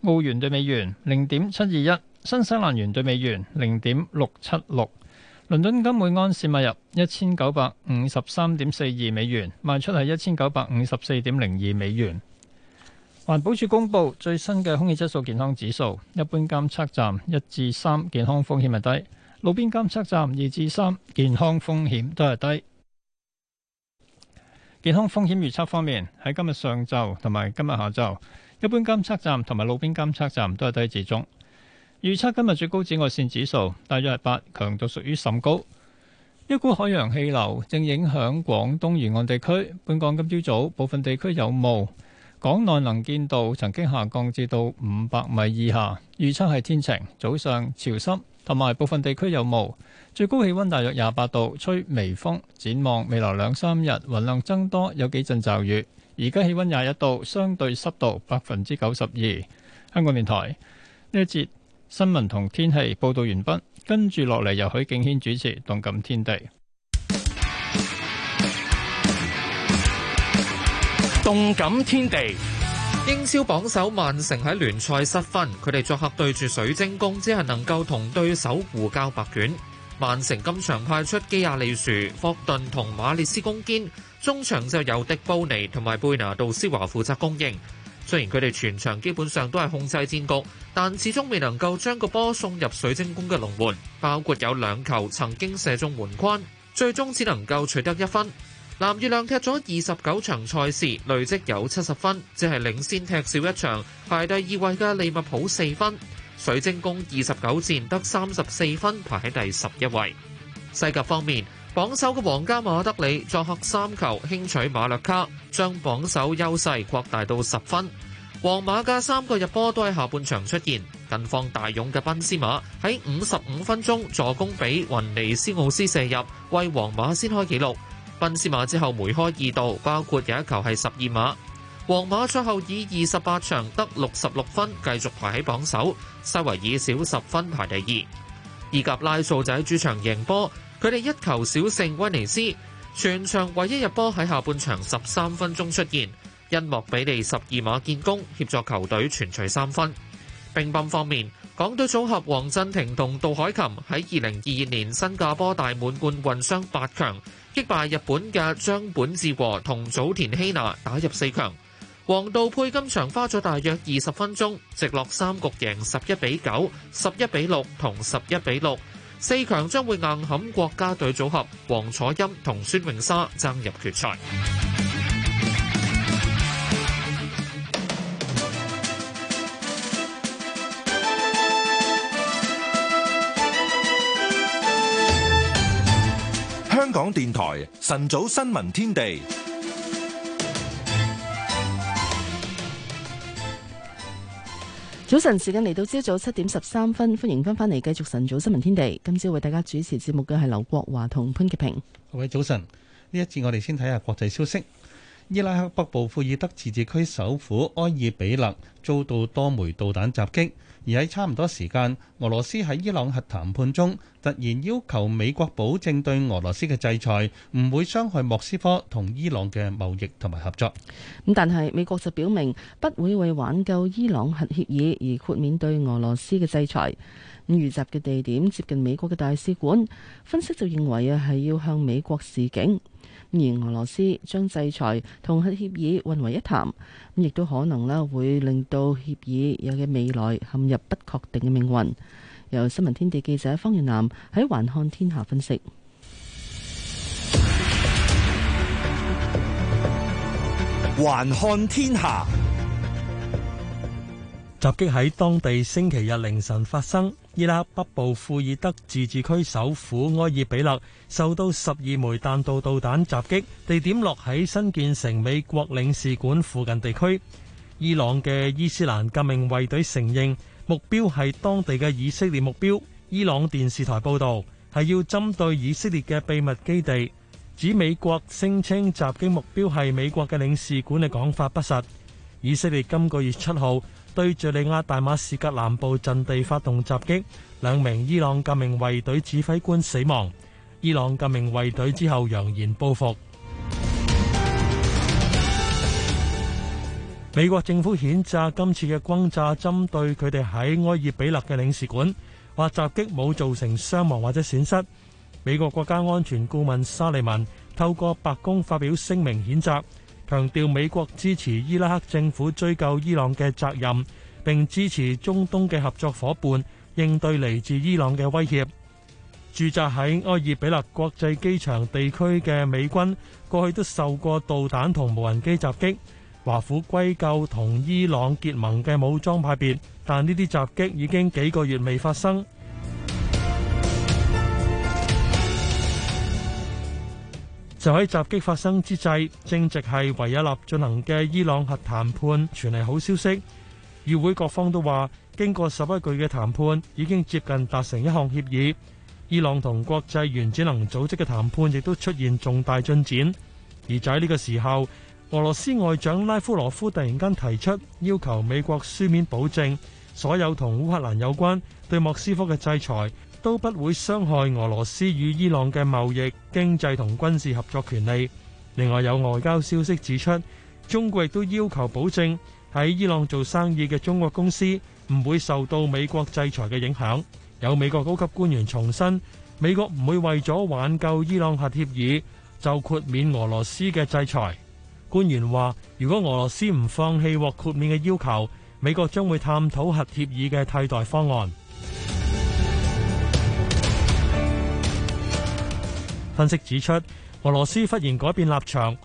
澳元兌美元零點七二一，新西蘭元兌美元零點六七六。倫敦金每安士買入一千九百五十三點四二美元，賣出係一千九百五十四點零二美元。環保署公布最新嘅空氣質素健康指數，一般監測站一至三健康風險係低，路邊監測站二至三健康風險都係低。健康風險預測方面，喺今日上晝同埋今日下晝，一般監測站同埋路邊監測站都係低至中預測。今日最高紫外線指數大約係八，強度屬於甚高。一股海洋氣流正影響廣東沿岸地區。本港今朝早部分地區有霧，港內能見度曾經下降至到五百米以下。預測係天晴，早上潮濕。同埋部分地區有霧，最高氣温大約廿八度，吹微風。展望未來兩三日，雲量增多，有幾陣驟雨。而家氣温廿一度，相對濕度百分之九十二。香港電台呢一節新聞同天氣報導完畢，跟住落嚟由許敬軒主持《動感天地》。動感天地。英超榜首曼城喺聯賽失分，佢哋作客對住水晶宮，只係能夠同對手互交白卷。曼城今場派出基亞利殊、樹霍頓同馬列斯攻堅，中場就由迪布尼同埋貝拿杜斯華負責供應，雖然佢哋全場基本上都係控制戰局，但始終未能夠將個波送入水晶宮嘅龍門，包括有兩球曾經射中門框，最終只能夠取得一分。藍月亮踢咗二十九場賽事，累積有七十分，只係領先踢少一場，排第二位嘅利物浦四分。水晶宮二十九戰得三十四分，排喺第十一位。西甲方面，榜首嘅皇家馬德里作客三球輕取馬略卡，將榜首優勢擴大到十分。皇馬嘅三個入波都喺下半場出現，近況大勇嘅賓斯馬喺五十五分鐘助攻俾雲尼斯奧斯射入，為皇馬先開紀錄。奔斯馬之後梅開二度，包括有一球係十二碼。皇馬賽後以二十八場得六十六分，繼續排喺榜首。西維以少十分排第二。意甲拉素仔主場贏波，佢哋一球小勝威尼斯。全場唯一入波喺下半場十三分鐘出現，因莫比利十二碼建功，協助球隊全取三分。乒乓方面，港隊組合王振廷同杜海琴喺二零二二年新加坡大滿貫混雙八強擊敗日本嘅張本智和同早田希娜打入四強，黃道佩今場花咗大約二十分鐘，直落三局贏十一比九、十一比六同十一比六，四強將會硬撼國家隊組合王楚欽同孫穎莎爭入決賽。港電台晨早新聞天地，早晨時間嚟到朝早七點十三分，歡迎翻返嚟繼續晨早新聞天地。今朝為大家主持節目嘅係劉國華同潘潔平。各位早晨，呢一節我哋先睇下國際消息。伊拉克北部庫爾德自治區首府埃爾比勒遭到多枚導彈襲擊。而喺差唔多時間，俄羅斯喺伊朗核談判中突然要求美國保證對俄羅斯嘅制裁唔會傷害莫斯科同伊朗嘅貿易同埋合作。咁但係美國就表明不會為挽救伊朗核協議而豁免對俄羅斯嘅制裁。咁預習嘅地點接近美國嘅大使館，分析就認為啊係要向美國示警。而俄羅斯將制裁同核協議混為一談，咁亦都可能啦，會令到協議有嘅未來陷入不確定嘅命運。由新聞天地記者方月南喺《環看天下》分析，《環看天下》襲擊喺當地星期日凌晨發生。伊拉克北部庫爾德自治區首府埃爾比勒受到十二枚彈道導彈襲擊，地點落喺新建成美國領事館附近地區。伊朗嘅伊斯蘭革命衛隊承認目標係當地嘅以色列目標。伊朗電視台報道，係要針對以色列嘅秘密基地，指美國聲稱襲擊目標係美國嘅領事館嘅講法不實。以色列今個月七號。對敘利亞大馬士革南部陣地發動襲擊，兩名伊朗革命衛隊指揮官死亡。伊朗革命衛隊之後揚言報復。 美國政府譴責今次嘅轟炸針對佢哋喺埃爾比勒嘅領事館，話襲擊冇造成傷亡或者損失。美國國家安全顧問沙利文透過白宮發表聲明譴責。強調美國支持伊拉克政府追究伊朗嘅責任，並支持中東嘅合作伙伴應對嚟自伊朗嘅威脅。駐紮喺埃爾比勒國際機場地區嘅美軍過去都受過導彈同無人機襲擊，華府歸咎同伊朗結盟嘅武裝派別，但呢啲襲擊已經幾個月未發生。就喺襲擊發生之際，正值係維也納進行嘅伊朗核談判傳嚟好消息。議會各方都話，經過十一個月嘅談判，已經接近達成一項協議。伊朗同國際原子能組織嘅談判亦都出現重大進展。而就喺呢個時候，俄羅斯外長拉夫羅夫突然間提出要求美國書面保證，所有同烏克蘭有關對莫斯科嘅制裁，都不會傷害俄羅斯與伊朗嘅貿易、經濟同軍事合作權利。另外有外交消息指出，中國亦都要求保證喺伊朗做生意嘅中國公司唔會受到美國制裁嘅影響。有美國高級官員重申，美國唔會為咗挽救伊朗核協議就豁免俄羅斯嘅制裁。官員話：如果俄羅斯唔放棄或豁免嘅要求，美國將會探討核協議嘅替代方案。分析指出，俄羅斯忽然改變立場，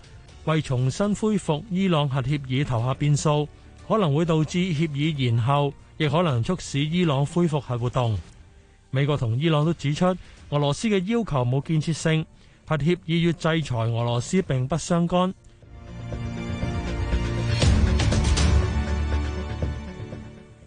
為重新恢復伊朗核協議投下變數，可能會導致協議延後，亦可能促使伊朗恢復核活動。美國同伊朗都指出，俄羅斯嘅要求冇建設性，核協議與制裁俄羅斯並不相干。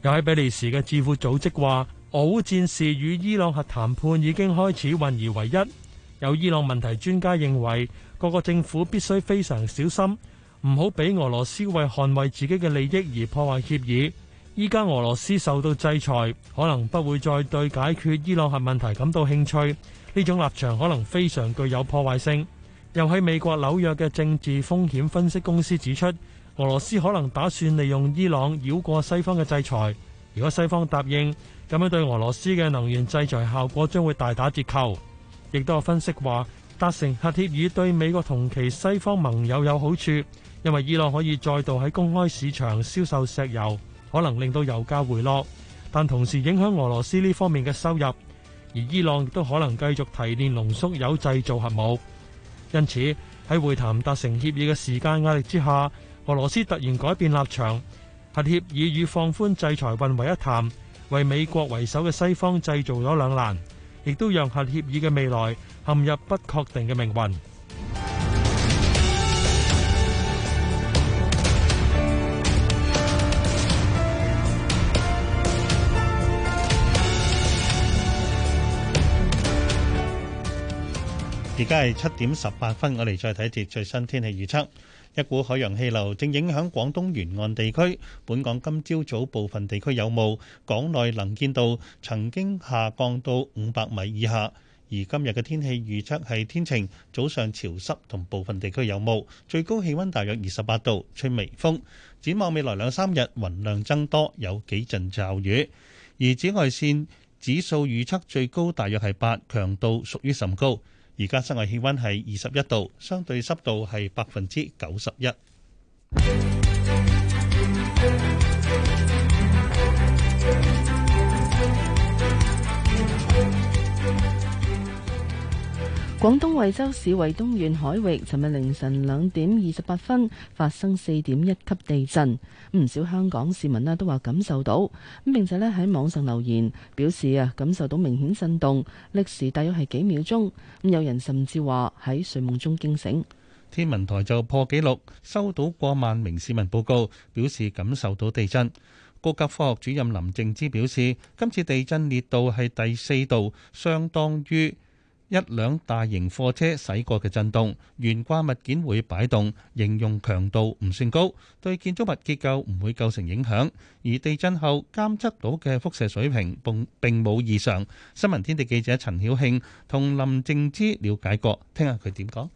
又喺比利時嘅智庫組織話，俄烏戰事與伊朗核談判已經開始混而為一。有伊朗問題專家認為，各個政府必須非常小心，唔好俾俄羅斯為捍衛自己嘅利益而破壞協議。依家俄羅斯受到制裁，可能不會再對解決伊朗核問題感到興趣。呢種立場可能非常具有破壞性。又喺美國紐約嘅政治風險分析公司指出，俄羅斯可能打算利用伊朗繞過西方嘅制裁。如果西方答應，咁樣對俄羅斯嘅能源制裁效果將會大打折扣。亦都有分析話，達成核協議對美國同其西方盟友有好處，因為伊朗可以再度喺公開市場銷售石油，可能令到油價回落，但同時影響俄羅斯呢方面嘅收入，而伊朗亦都可能繼續提煉濃縮鈾製造核武。因此喺會談達成協議嘅時間壓力之下，俄羅斯突然改變立場，核協議與放寬制裁混為一談，為美國為首嘅西方製造咗兩難。亦都讓核協議嘅未來陷入不確定嘅命運。而家係七點十八分，我哋再睇一節最新天氣預測。一股海洋氣流正影響廣東沿岸地區，本港今朝早部分地區有霧，港內能見度曾經下降到五百米以下。而今日嘅天氣預測係天晴，早上潮濕同部分地區有霧，最高氣溫大約二十八度，吹微風。展望未來兩三日，雲量增多，有幾陣驟雨。而紫外線指數預測最高大約係八，強度屬於甚高。而家室外氣溫係二十一度，相對濕度係百分之九十一。廣東惠州市惠東縣海域，尋日凌晨兩點二十八分發生四點一級地震，唔少香港市民啦都話感受到，並且呢喺網上留言表示啊感受到明顯震動，歷時大約係幾秒鐘。咁有人甚至話喺睡夢中驚醒。天文台就破紀錄，收到過萬名市民報告，表示感受到地震。高級科學主任林靜芝表示，今次地震烈度係第四度，相當於。一輛大型貨車駛過嘅震動，懸掛物件會擺動，形容強度唔算高，對建築物結構唔會構成影響。而地震後監測到嘅輻射水平並並冇異常。新聞天地記者陳曉慶同林靜芝了解過，聽下佢點講。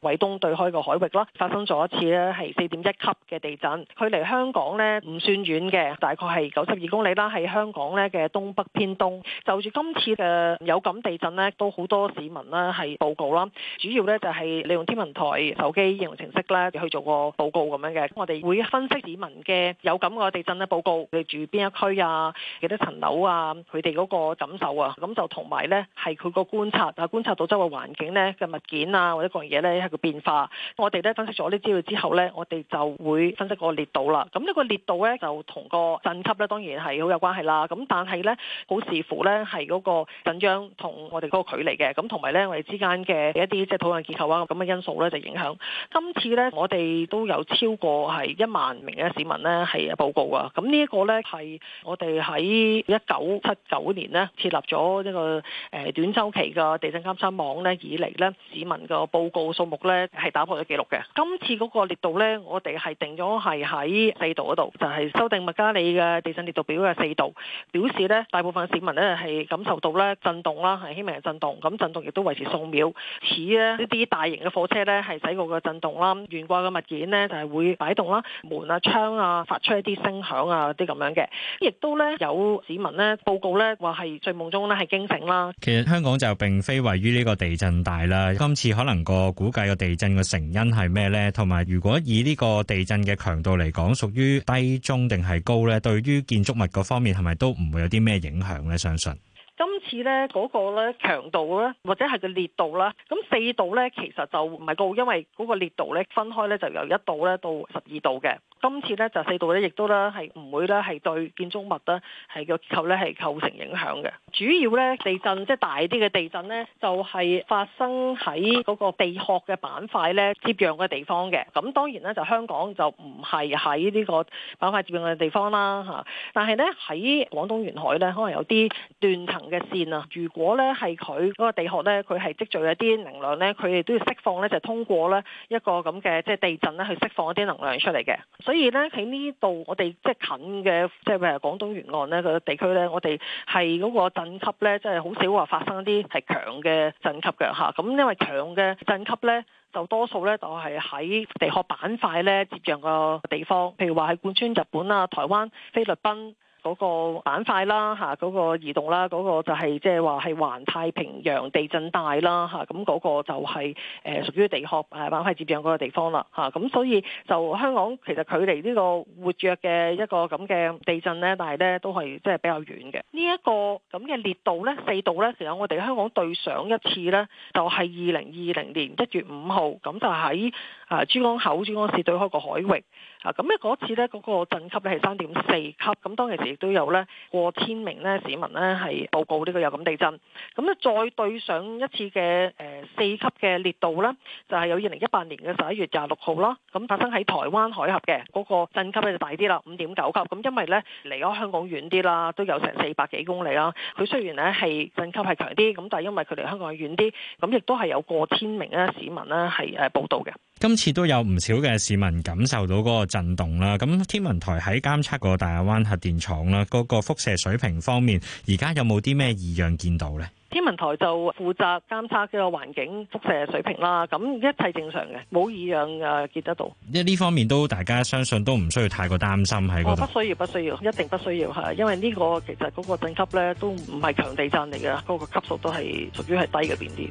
惠東對開個海域啦，發生咗一次咧係四點一級嘅地震，距離香港咧唔算遠嘅，大概係九十二公里啦，係香港咧嘅東北偏東。就住今次嘅有感地震咧，都好多市民啦係報告啦，主要咧就係利用天文台手機應用程式咧去做個報告咁樣嘅。我哋會分析市民嘅有感嘅地震嘅報告，你住邊一區啊，幾多層樓啊，佢哋嗰個感受啊，咁就同埋咧係佢個觀察啊，觀察到周圍環境咧嘅物件啊或者各樣嘢咧。個變化，我哋咧分析咗呢資料之後呢，我哋就會分析個烈度啦。咁呢個烈度呢，就同個震級呢，當然係好有關係啦。咁但係呢，好視乎呢係嗰個震央同我哋嗰個距離嘅。咁同埋呢，我哋之間嘅一啲即係土壤結構啊咁嘅因素呢，就影響。今次呢，我哋都有超過係一萬名嘅市民咧係報告啊。咁呢一個咧係我哋喺一九七九年呢，設立咗呢個誒短周期嘅地震監測網呢，以嚟呢，市民個報告數目，呢係打破咗記錄嘅。今次嗰個烈度咧，我哋係定咗係喺四度嗰度，就係修訂麥加利嘅地震烈度表嘅四度。表示咧大部分市民咧係感受到咧震動啦，係輕微嘅震動。咁震動亦都維持數秒，似咧一啲大型嘅貨車咧係使過嘅震動啦，懸掛嘅物件咧就係會擺動啦，門啊窗啊發出一啲聲響啊啲咁樣嘅。亦都咧有市民咧報告咧話係睡夢中咧係驚醒啦。其實香港就並非位於呢個地震帶啦，今次可能個估計。個地震嘅成因係咩呢？同埋，如果以呢個地震嘅強度嚟講，屬於低中定係高呢？對於建築物個方面係咪都唔會有啲咩影響呢？相信。今次呢嗰個呢強度呢，或者係個烈度啦，咁四度呢，其實就唔係高，因為嗰個烈度呢，分開呢就由一度呢到十二度嘅。今次呢，就四度呢，亦都呢係唔會呢，係對建築物呢，係個結構呢，係構成影響嘅。主要呢，地震即係、就是、大啲嘅地震呢，就係發生喺嗰個地殼嘅板塊呢，接壤嘅地方嘅。咁當然呢，就香港就唔係喺呢個板塊接壤嘅地方啦嚇，但係呢，喺廣東沿海呢，可能有啲斷層。嘅線啊，如果咧係佢嗰個地殼咧，佢係積聚一啲能量咧，佢哋都要釋放咧，就係通過咧一個咁嘅即係地震咧去釋放一啲能量出嚟嘅。所以咧喺呢度，我哋即係近嘅即係譬如廣東沿岸咧個地區咧，我哋係嗰個震級咧，即係好少話發生一啲係強嘅震級嘅嚇。咁因為強嘅震級咧，就多數咧就係喺地殼板塊咧接壤個地方，譬如話係貫穿日本啊、台灣、菲律賓。嗰個板塊啦，嚇、那、嗰個移動啦，嗰、那個就係即係話係環太平洋地震帶啦，嚇咁嗰個就係誒屬於地殼誒板塊接壤嗰個地方啦，嚇咁所以就香港其實距離呢個活躍嘅一個咁嘅地震呢，但係呢都係即係比較遠嘅。呢、這、一個咁嘅烈度呢，四度呢，其實我哋香港對上一次呢，就係二零二零年一月五號，咁就喺啊珠江口珠江市對開個海域。啊，咁呢嗰次呢，嗰個震級咧係三點四級，咁當其時亦都有呢過千名呢市民呢係報告呢個有感地震，咁呢，再對上一次嘅誒四級嘅烈度咧，就係有二零一八年嘅十一月廿六號啦，咁發生喺台灣海峽嘅嗰個震級呢，就大啲啦，五點九級，咁因為呢，離咗香港遠啲啦，都有成四百幾公里啦，佢雖然呢係震級係強啲，咁但係因為佢離香港係遠啲，咁亦都係有過千名呢市民呢係誒報道嘅。今次都有唔少嘅市民感受到嗰個震動啦。咁天文台喺監測個大亞灣核電廠啦，嗰、那個輻射水平方面，而家有冇啲咩異樣見到咧？天文台就負責監測個環境輻射水平啦。咁一切正常嘅，冇異樣誒見得到。因為呢方面都大家相信都唔需要太過擔心喺個，度、哦。不需要，不需要，一定不需要嚇。因為呢個其實嗰個震級咧都唔係強地震嚟嘅，嗰、那個級數都係屬於係低嘅邊啲。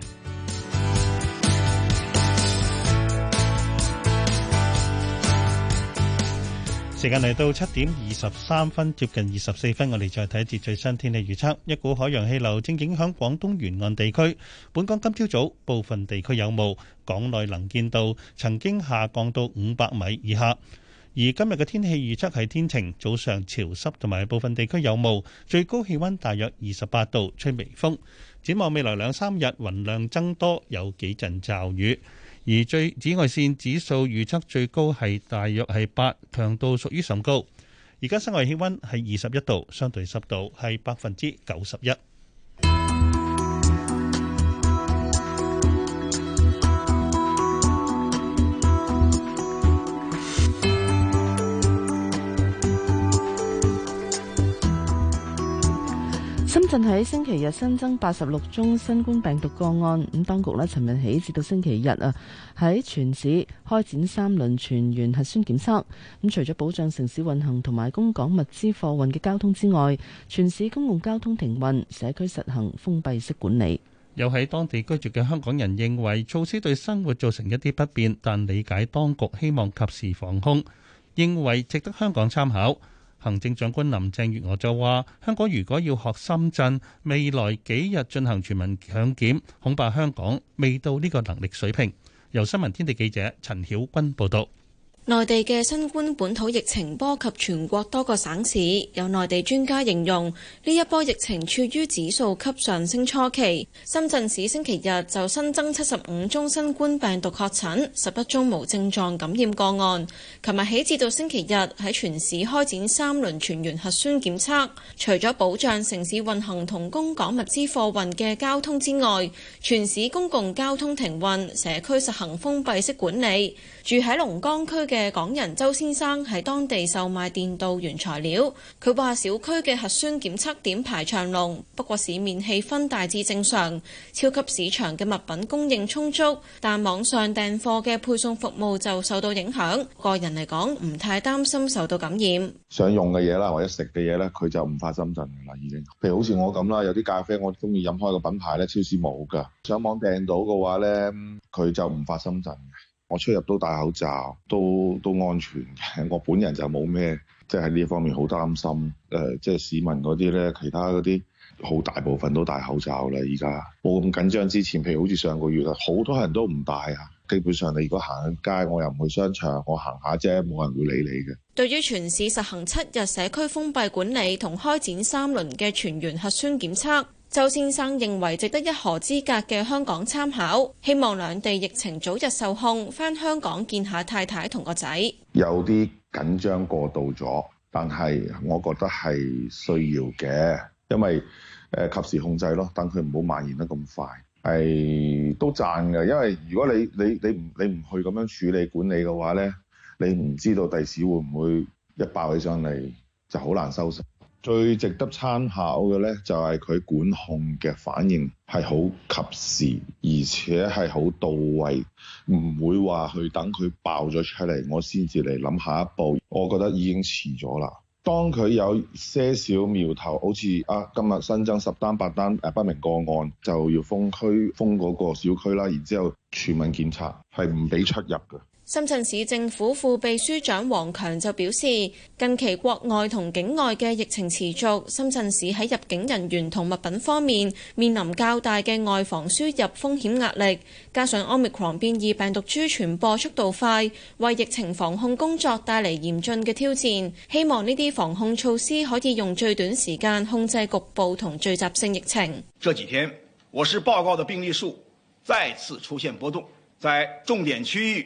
時間嚟到七點二十三分，接近二十四分，我哋再睇一節最新天氣預測。一股海洋氣流正影響廣東沿岸地區。本港今朝早，早部分地區有霧，港內能見度曾經下降到五百米以下。而今日嘅天氣預測係天晴，早上潮濕同埋部分地區有霧，最高氣温大約二十八度，吹微風。展望未來兩三日，雲量增多，有幾陣驟雨。而最紫外線指數預測最高係大約係八，強度屬於甚高。而家室外氣温係二十一度，相對濕度係百分之九十一。深圳喺星期日新增八十六宗新冠病毒個案，咁當局咧，尋日起至到星期日啊，喺全市開展三輪全員核酸檢測。咁除咗保障城市運行同埋供港物資貨運嘅交通之外，全市公共交通停運，社區實行封閉式管理。有喺當地居住嘅香港人認為措施對生活造成一啲不便，但理解當局希望及時防控，認為值得香港參考。行政長官林鄭月娥就話：香港如果要學深圳，未來幾日進行全民強檢，恐怕香港未到呢個能力水平。由新聞天地記者陳曉君報道。內地嘅新冠本土疫情波及全國多個省市，有內地專家形容呢一波疫情處於指數級上升初期。深圳市星期日就新增七十五宗新冠病毒確診，十一宗無症狀感染個案。琴日起至到星期日喺全市開展三輪全員核酸檢測，除咗保障城市運行同供港物資貨運嘅交通之外，全市公共交通停運，社區實行封閉式管理。住喺龍崗區嘅嘅港人周先生係當地售賣電鍍原材料。佢話小區嘅核酸檢測點排長龍，不過市面氣氛大致正常。超級市場嘅物品供應充足，但網上訂貨嘅配送服務就受到影響。個人嚟講，唔太擔心受到感染。想用嘅嘢啦，或者食嘅嘢咧，佢就唔發深圳㗎啦。已經譬如好似我咁啦，有啲咖啡我中意飲開個品牌咧，超市冇噶，上網訂到嘅話咧，佢就唔發深圳。我出入都戴口罩，都都安全嘅。我本人就冇咩，即係喺呢方面好擔心。誒，即係市民嗰啲咧，其他嗰啲好大部分都戴口罩啦。而家冇咁緊張。之前譬如好似上個月啦，好多人都唔戴啊。基本上你如果行喺街，我又唔去商場，我行下啫，冇人會理你嘅。對於全市實行七日社區封閉管理同開展三輪嘅全員核酸檢測。周先生認為值得一河之隔嘅香港參考，希望兩地疫情早日受控，翻香港見下太太同個仔。有啲緊張過度咗，但係我覺得係需要嘅，因為誒及時控制咯，等佢唔好蔓延得咁快，係、哎、都讚嘅。因為如果你你你唔你唔去咁樣處理管理嘅話咧，你唔知道第時會唔會一爆起上嚟就好難收拾。最值得參考嘅呢，就係佢管控嘅反應係好及時，而且係好到位，唔會話去等佢爆咗出嚟，我先至嚟諗下一步。我覺得已經遲咗啦。當佢有些少苗頭，好似啊，今日新增十單八單誒不明個案，就要封區封嗰個小區啦，然之後全民檢查，係唔俾出入嘅。深圳市政府副秘書長王強就表示，近期國外同境外嘅疫情持續，深圳市喺入境人員同物品方面面臨較大嘅外防輸入風險壓力，加上奧密克戎變異病毒株傳播速度快，為疫情防控工作帶嚟嚴峻嘅挑戰，希望呢啲防控措施可以用最短時間控制局部同聚集性疫情。這幾天，我市報告的病例數再次出現波動，在重點區域，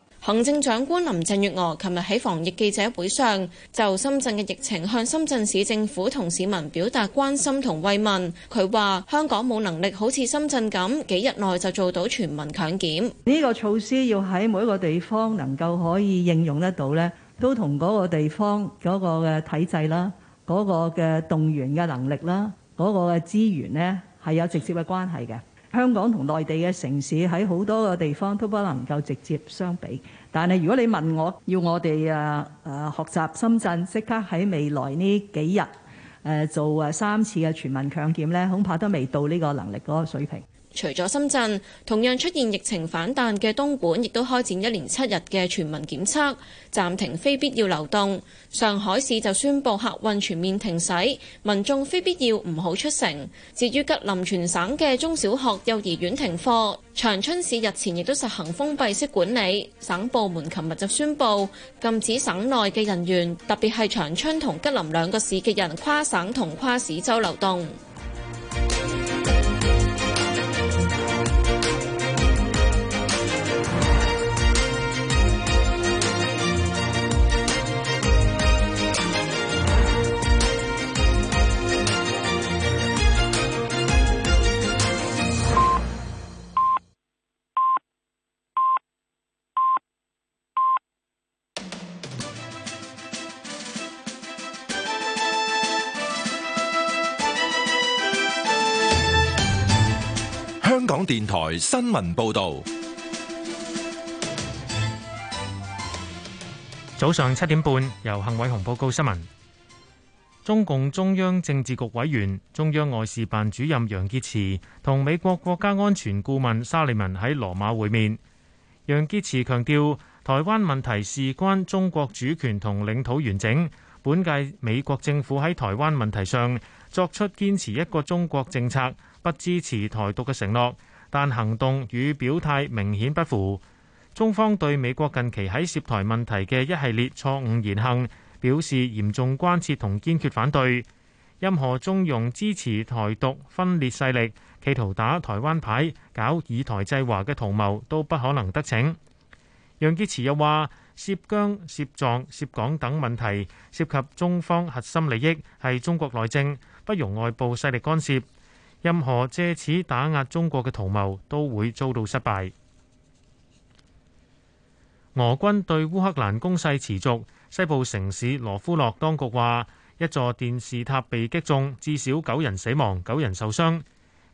行政長官林鄭月娥琴日喺防疫記者會上，就深圳嘅疫情向深圳市政府同市民表達關心同慰問。佢話：香港冇能力好似深圳咁幾日內就做到全民強檢。呢個措施要喺每一個地方能夠可以應用得到呢，都同嗰個地方嗰個嘅體制啦、嗰個嘅動員嘅能力啦、嗰個嘅資源呢係有直接嘅關係嘅。香港同內地嘅城市喺好多個地方都不能夠直接相比，但係如果你問我要我哋啊啊學習深圳，即刻喺未來呢幾日誒、呃、做誒三次嘅全民強檢咧，恐怕都未到呢個能力嗰個水平。除咗深圳，同樣出現疫情反彈嘅東莞，亦都開展一連七日嘅全民檢測，暫停非必要流動。上海市就宣布客運全面停駛，民眾非必要唔好出城。至於吉林全省嘅中小學、幼兒園停課，長春市日前亦都實行封閉式管理。省部門琴日就宣布禁止省內嘅人員，特別係長春同吉林兩個市嘅人跨省同跨市州流動。香港電台新聞報道，早上七點半由幸偉雄報告新聞。中共中央政治局委員、中央外事辦主任楊潔篪同美國國家安全顧問沙利文喺羅馬會面。楊潔篪強調，台灣問題事關中國主權同領土完整。本屆美國政府喺台灣問題上作出堅持一個中國政策，不支持台獨嘅承諾，但行動與表態明顯不符。中方對美國近期喺涉台問題嘅一系列錯誤言行表示嚴重關切同堅決反對，任何縱容支持台獨分裂勢力，企圖打台灣牌、搞以台制華嘅圖謀都不可能得逞。楊潔篪又話涉疆、涉藏、涉港等問題涉及中方核心利益，係中國內政，不容外部勢力干涉。任何借此打壓中國嘅圖謀都會遭到失敗。俄軍對烏克蘭攻勢持續，西部城市羅夫諾當局話，一座電視塔被擊中，至少九人死亡，九人受傷。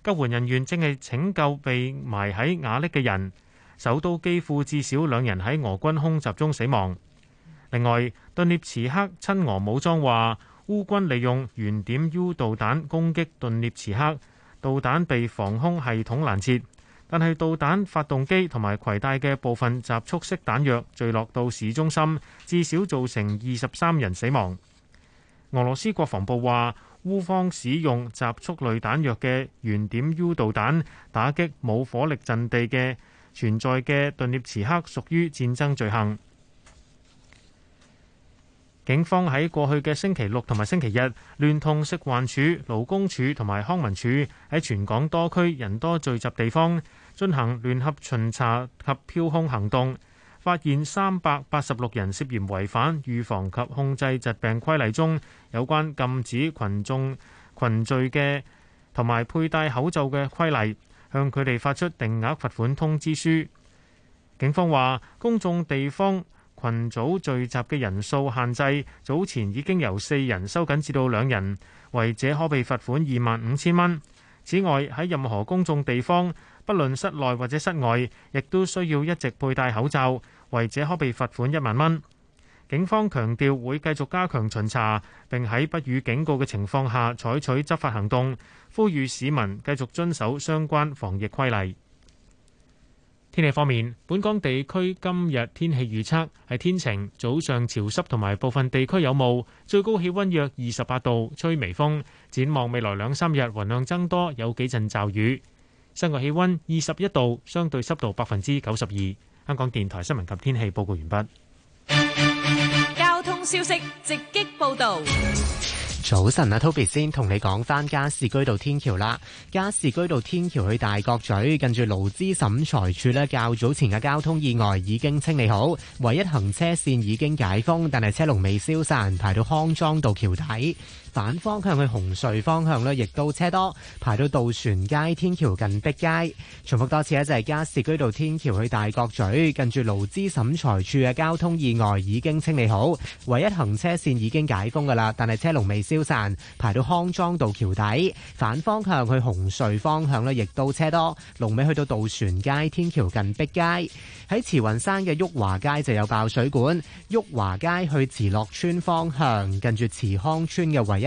救援人員正係拯救被埋喺瓦礫嘅人。首都基輔至少兩人喺俄軍空襲中死亡。另外，頓涅茨克親俄武裝話，烏軍利用圓點 U 導彈攻擊頓涅茨克。導彈被防空系統攔截，但係導彈發動機同埋攜帶嘅部分集束式彈藥墜落到市中心，至少造成二十三人死亡。俄羅斯國防部話，烏方使用集束類彈藥嘅圓點 U 導彈，打擊冇火力陣地嘅存在嘅頓涅茨克，屬於戰爭罪行。警方喺過去嘅星期六同埋星期日，聯同食環署、勞工署同埋康文署喺全港多區人多聚集地方進行聯合巡查及飄空行動，發現三百八十六人涉嫌違反《預防及控制疾病規例》中有關禁止群眾群聚嘅同埋佩戴口罩嘅規例，向佢哋發出定額罰款通知書。警方話，公眾地方群組聚集嘅人數限制早前已經由四人收緊至到兩人，違者可被罰款二萬五千蚊。此外喺任何公眾地方，不論室內或者室外，亦都需要一直佩戴口罩，違者可被罰款一萬蚊。警方強調會繼續加強巡查，並喺不予警告嘅情況下採取執法行動，呼籲市民繼續遵守相關防疫規例。天氣方面，本港地區今日天氣預測係天晴，早上潮濕同埋部分地區有霧，最高氣溫約二十八度，吹微風。展望未來兩三日，雲量增多，有幾陣驟雨。室外氣溫二十一度，相對濕度百分之九十二。香港電台新聞及天氣報告完畢。交通消息直擊報道。早晨啊，Toby 先同你講返加士居道天橋啦。加士居道天橋去大角咀，近住勞資審裁處呢，較早前嘅交通意外已經清理好，唯一行車線已經解封，但係車龍未消散，排到康莊道橋底。反方向去紅隧方向咧，亦都車多排到渡船街天橋近碧街。重複多次咧，就係、是、加士居道天橋去大角咀近住勞資審裁處嘅交通意外已經清理好，唯一行車線已經解封噶啦，但係車龍未消散，排到康莊道橋底。反方向去紅隧方向咧，亦都車多，龍尾去到渡船街天橋近碧街。喺慈雲山嘅旭華街就有爆水管，旭華街去慈樂邨方向近住慈康邨嘅唯一。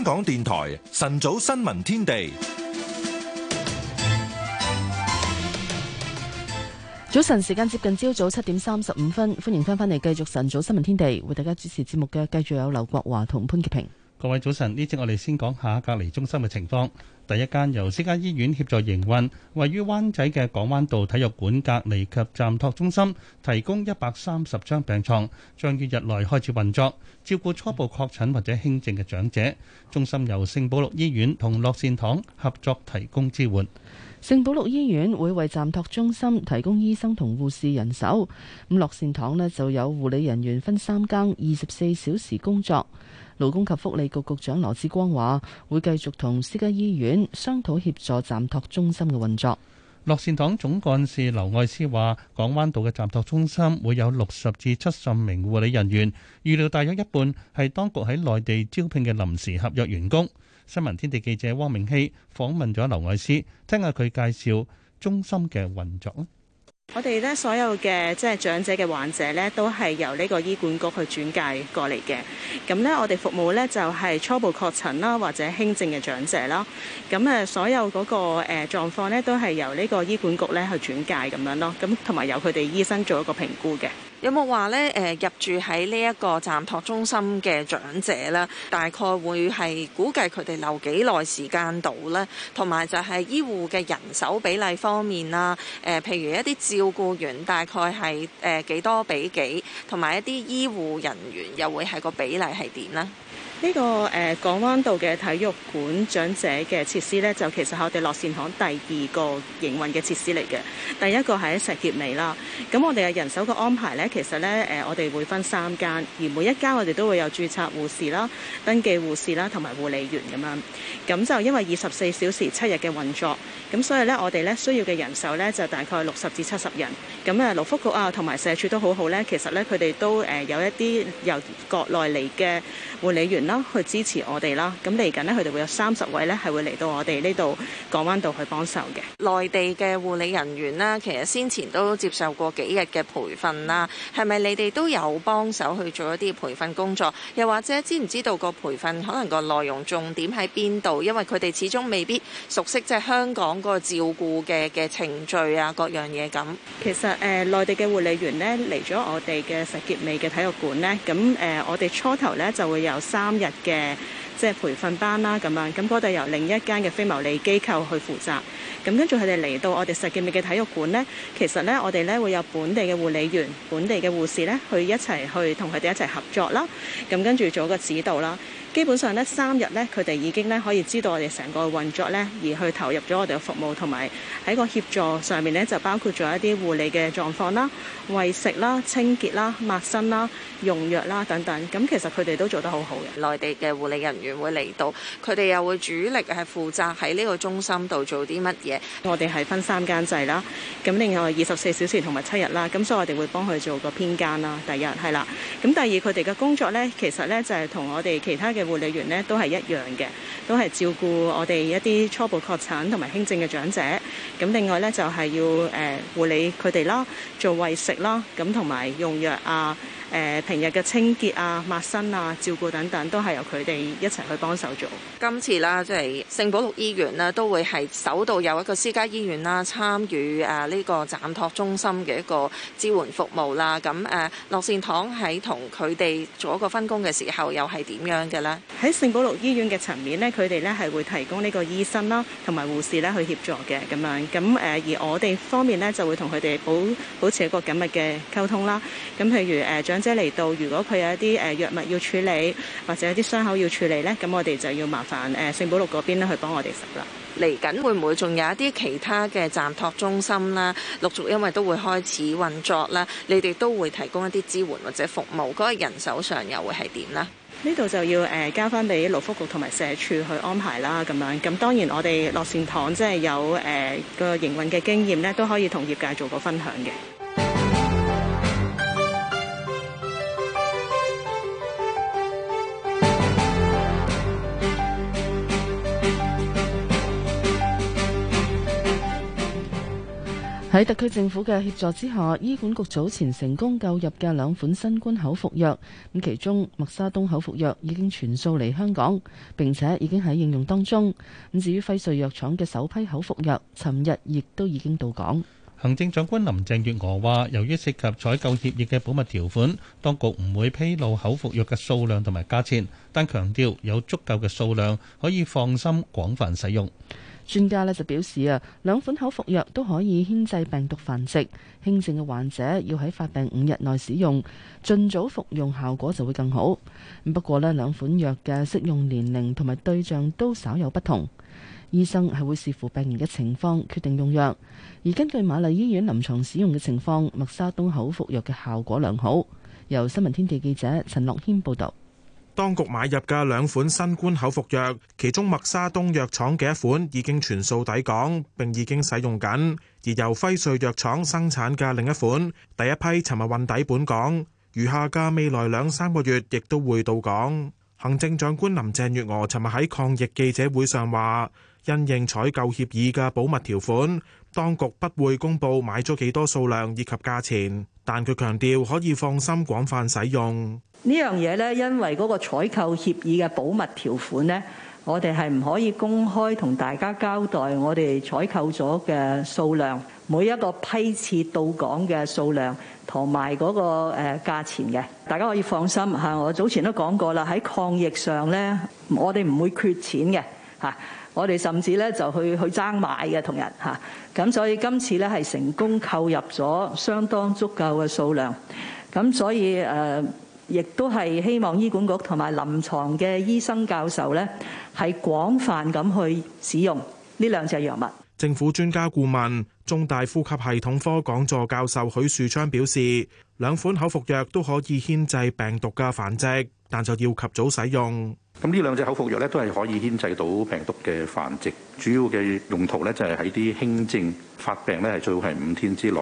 香港電台晨早新聞天地，早晨時間接近朝早七點三十五分，歡迎翻返嚟，繼續晨早新聞天地，為大家主持節目嘅繼續有劉國華同潘潔平。各位早晨，呢節我哋先講下隔離中心嘅情況。第一間由私家醫院協助營運，位於灣仔嘅港灣道體育館隔離及暫托中心，提供一百三十張病床，將於日內開始運作，照顧初步確診或者輕症嘅長者。中心由聖保祿醫院同樂善堂合作提供支援。聖保祿醫院會為暫托中心提供醫生同護士人手，咁樂善堂呢就有護理人員分三更，二十四小時工作。勞工及福利局局長羅致光話，會繼續同私家醫院商討協助暫托中心嘅運作。樂善堂總幹事劉愛思話，港灣道嘅暫托中心會有六十至七十名護理人員，預料大約一半係當局喺內地招聘嘅臨時合約員工。新聞天地記者汪明希訪問咗劉愛思，聽下佢介紹中心嘅運作。我哋咧所有嘅即係長者嘅患者咧，都係由呢個醫管局去轉介過嚟嘅。咁咧，我哋服務咧就係、是、初步確診啦，或者輕症嘅長者啦。咁誒，所有嗰個誒狀況咧，都係由呢個醫管局咧去轉介咁樣咯。咁同埋由佢哋醫生做一個評估嘅。有冇話咧？誒、呃、入住喺呢一個暫托中心嘅長者咧，大概會係估計佢哋留幾耐時間到咧？同埋就係醫護嘅人手比例方面啊，誒、呃、譬如一啲照顧員大概係誒、呃、幾多比幾，同埋一啲醫護人員又會係個比例係點呢？呢、這個誒、呃、港灣道嘅體育館長者嘅設施咧，就其實係我哋樂善堂第二個營運嘅設施嚟嘅。第一個係石硤尾啦。咁我哋嘅人手嘅安排咧，其實咧誒、呃、我哋會分三間，而每一間我哋都會有注冊護士啦、登記護士啦同埋護理員，咁樣咁就因為二十四小時七日嘅運作，咁所以咧我哋咧需要嘅人手咧就大概六十至七十人。咁啊，勞福局啊同埋社署都好好咧，其實咧佢哋都誒有一啲由國內嚟嘅護理員。去支持我哋啦。咁嚟緊呢，佢哋會有三十位呢，係會嚟到我哋呢度港灣道去幫手嘅。內地嘅護理人員咧，其實先前都接受過幾日嘅培訓啦。係咪你哋都有幫手去做一啲培訓工作？又或者知唔知道個培訓可能個內容重點喺邊度？因為佢哋始終未必熟悉即係香港個照顧嘅嘅程序啊，各樣嘢咁。其實誒內、呃、地嘅護理員呢，嚟咗我哋嘅石硤尾嘅體育館呢，咁誒、呃、我哋初頭呢就會有三。日嘅即係培訓班啦，咁樣咁，嗰度由另一間嘅非牟利機構去負責。咁跟住佢哋嚟到我哋實健美嘅體育館呢，其實呢，我哋呢會有本地嘅護理員、本地嘅護士呢去一齊去同佢哋一齊合作啦。咁跟住做一個指導啦。基本上呢三日咧，佢哋已經咧，可以知道我哋成個運作咧，而去投入咗我哋嘅服務同埋喺個協助上面咧，就包括咗一啲護理嘅狀況啦、喂食啦、清潔啦、抹身啦、用藥啦等等。咁、嗯、其實佢哋都做得好好嘅。內地嘅護理人員會嚟到，佢哋又會主力係負責喺呢個中心度做啲乜嘢？我哋係分三更制啦，咁另外二十四小時同埋七日啦，咁所以我哋會幫佢做個編更啦。第一係啦，咁第二佢哋嘅工作咧，其實咧就係、是、同我哋其他嘅。嘅護理員咧都係一樣嘅，都係照顧我哋一啲初步確診同埋輕症嘅長者。咁另外咧就係要誒護理佢哋啦，做餵食啦，咁同埋用藥啊。誒平日嘅清潔啊、抹身啊、照顧等等，都係由佢哋一齊去幫手做。今次啦，即係聖保祿醫院呢，都會係首度有一個私家醫院啦參與誒呢個暫托中心嘅一個支援服務啦。咁誒，樂善堂喺同佢哋做一個分工嘅時候，又係點樣嘅呢？喺聖保祿醫院嘅層面呢，佢哋呢係會提供呢個醫生啦，同埋護士呢去協助嘅咁樣。咁誒，而我哋方面呢，就會同佢哋保保持一個緊密嘅溝通啦。咁譬如誒、呃即係嚟到，如果佢有一啲誒藥物要處理，或者一啲傷口要處理咧，咁我哋就要麻煩誒聖保祿嗰邊咧去幫我哋食啦。嚟緊會唔會仲有一啲其他嘅暫托中心啦？陸續，因為都會開始運作啦，你哋都會提供一啲支援或者服務嗰、嗰個人手上又會係點啦，呢度就要誒交翻俾勞福局同埋社署去安排啦。咁樣。咁當然我哋樂善堂即係有誒個營運嘅經驗咧，都可以同業界做個分享嘅。喺特區政府嘅協助之下，醫管局早前成功購入嘅兩款新冠口服藥，咁其中默沙東口服藥已經全數嚟香港，並且已經喺應用當中。咁至於輝瑞藥廠嘅首批口服藥，尋日亦都已經到港。行政長官林鄭月娥話：由於涉及採購協議嘅保密條款，當局唔會披露口服藥嘅數量同埋價錢，但強調有足夠嘅數量可以放心廣泛使用。專家呢就表示啊，兩款口服藥都可以牽制病毒繁殖，輕症嘅患者要喺發病五日內使用，儘早服用效果就會更好。不過呢，兩款藥嘅適用年齡同埋對象都稍有不同，醫生係會視乎病人嘅情況決定用藥。而根據瑪麗醫院臨床使用嘅情況，默沙東口服藥嘅效果良好。由新聞天地記者陳樂軒報導。當局買入嘅兩款新冠口服藥，其中麥沙東藥廠嘅一款已經全數抵港並已經使用緊，而由輝瑞藥廠生產嘅另一款，第一批尋日運抵本港，餘下嘅未來兩三個月亦都會到港。行政長官林鄭月娥尋日喺抗疫記者會上話，因應採購協議嘅保密條款，當局不會公佈買咗幾多數量以及價錢。但佢強調可以放心廣泛使用呢樣嘢咧，因為嗰個採購協議嘅保密條款咧，我哋係唔可以公開同大家交代我哋採購咗嘅數量，每一個批次到港嘅數量同埋嗰個誒價錢嘅。大家可以放心嚇，我早前都講過啦，喺抗疫上咧，我哋唔會缺錢嘅嚇，我哋甚至咧就去去爭買嘅同人嚇。咁所以今次咧係成功購入咗相當足夠嘅數量，咁所以誒、呃、亦都係希望醫管局同埋臨床嘅醫生教授咧係廣泛咁去使用呢兩隻藥物。政府專家顧問、中大呼吸系統科講座教授許樹昌表示，兩款口服藥都可以牽制病毒嘅繁殖，但就要及早使用。咁呢兩隻口服藥咧，都係可以牽制到病毒嘅繁殖，主要嘅用途咧就係喺啲輕症發病咧，係最好係五天之內，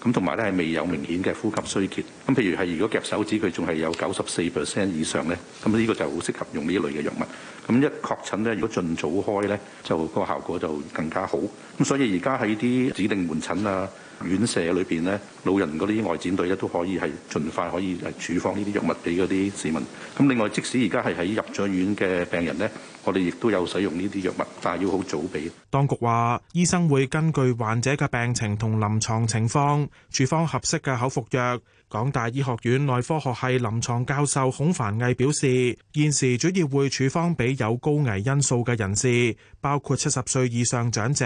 咁同埋咧係未有明顯嘅呼吸衰竭。咁譬如係如果夾手指佢仲係有九十四 percent 以上咧，咁呢個就好適合用呢類嘅藥物。咁一確診咧，如果盡早開咧，就個效果就更加好。咁所以而家喺啲指定門診啊。院舍裏邊呢，老人嗰啲外展隊咧都可以係盡快可以係處方呢啲藥物俾嗰啲市民。咁另外，即使而家係喺入咗院嘅病人呢，我哋亦都有使用呢啲藥物，但係要好早俾。當局話，醫生會根據患者嘅病情同臨床情況，處方合適嘅口服藥。港大醫學院內科學系臨床教授孔凡毅表示，現時主要會處方俾有高危因素嘅人士，包括七十歲以上長者、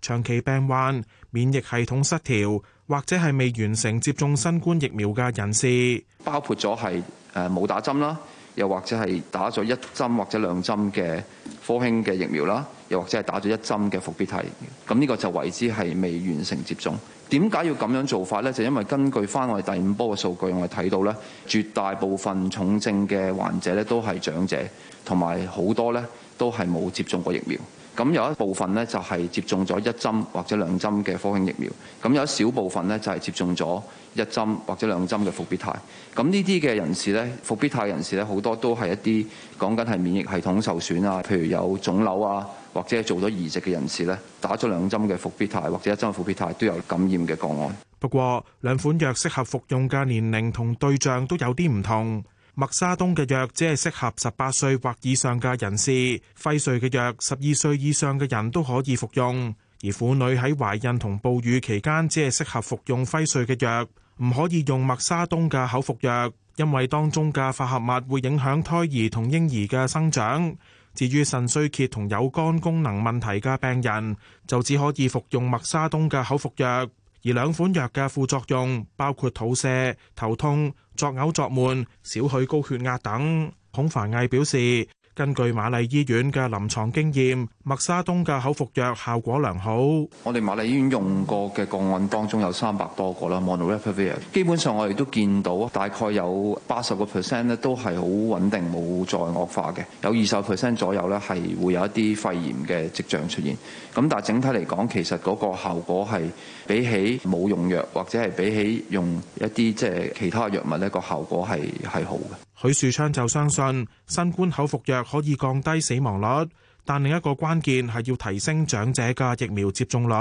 長期病患、免疫系統失調，或者係未完成接種新冠疫苗嘅人士，包括咗係誒冇打針啦，又或者係打咗一針或者兩針嘅科興嘅疫苗啦。又或者係打咗一針嘅復必泰疫苗，咁呢個就為之係未完成接種。點解要咁樣做法呢？就因為根據翻我哋第五波嘅數據，我哋睇到呢絕大部分重症嘅患者呢都係長者，同埋好多呢都係冇接種過疫苗。咁有一部分呢就係接種咗一針或者兩針嘅科興疫苗。咁有一小部分呢就係接種咗一針或者兩針嘅復必泰，咁呢啲嘅人士呢，復必泰人士呢，好多都係一啲講緊係免疫系統受損啊，譬如有腫瘤啊，或者係做咗移植嘅人士呢，打咗兩針嘅復必泰或者一針復必泰都有感染嘅個案。不過兩款藥適合服用嘅年齡同對象都有啲唔同。默沙東嘅藥只係適合十八歲或以上嘅人士，輝瑞嘅藥十二歲以上嘅人都可以服用。而婦女喺懷孕同哺乳期間只係適合服用輝瑞嘅藥。唔可以用默沙東嘅口服藥，因為當中嘅化合物會影響胎兒同嬰兒嘅生長。至於腎衰竭同有肝功能問題嘅病人，就只可以服用默沙東嘅口服藥。而兩款藥嘅副作用包括肚瀉、頭痛、作嘔、作悶、少許高血壓等。孔凡毅表示。根據瑪麗醫院嘅臨床經驗，麥沙東嘅口服藥效果良好。我哋瑪麗醫院用過嘅個案當中有三百多個啦，Molnupiravir。基本上我哋都見到大概有八十個 percent 咧，都係好穩定，冇再惡化嘅。有二十 percent 左右咧，係會有一啲肺炎嘅跡象出現。咁但係整體嚟講，其實嗰個效果係比起冇用藥，或者係比起用一啲即係其他藥物呢個效果係係好嘅。許樹昌就相信新冠口服藥可以降低死亡率，但另一個關鍵係要提升長者嘅疫苗接種率。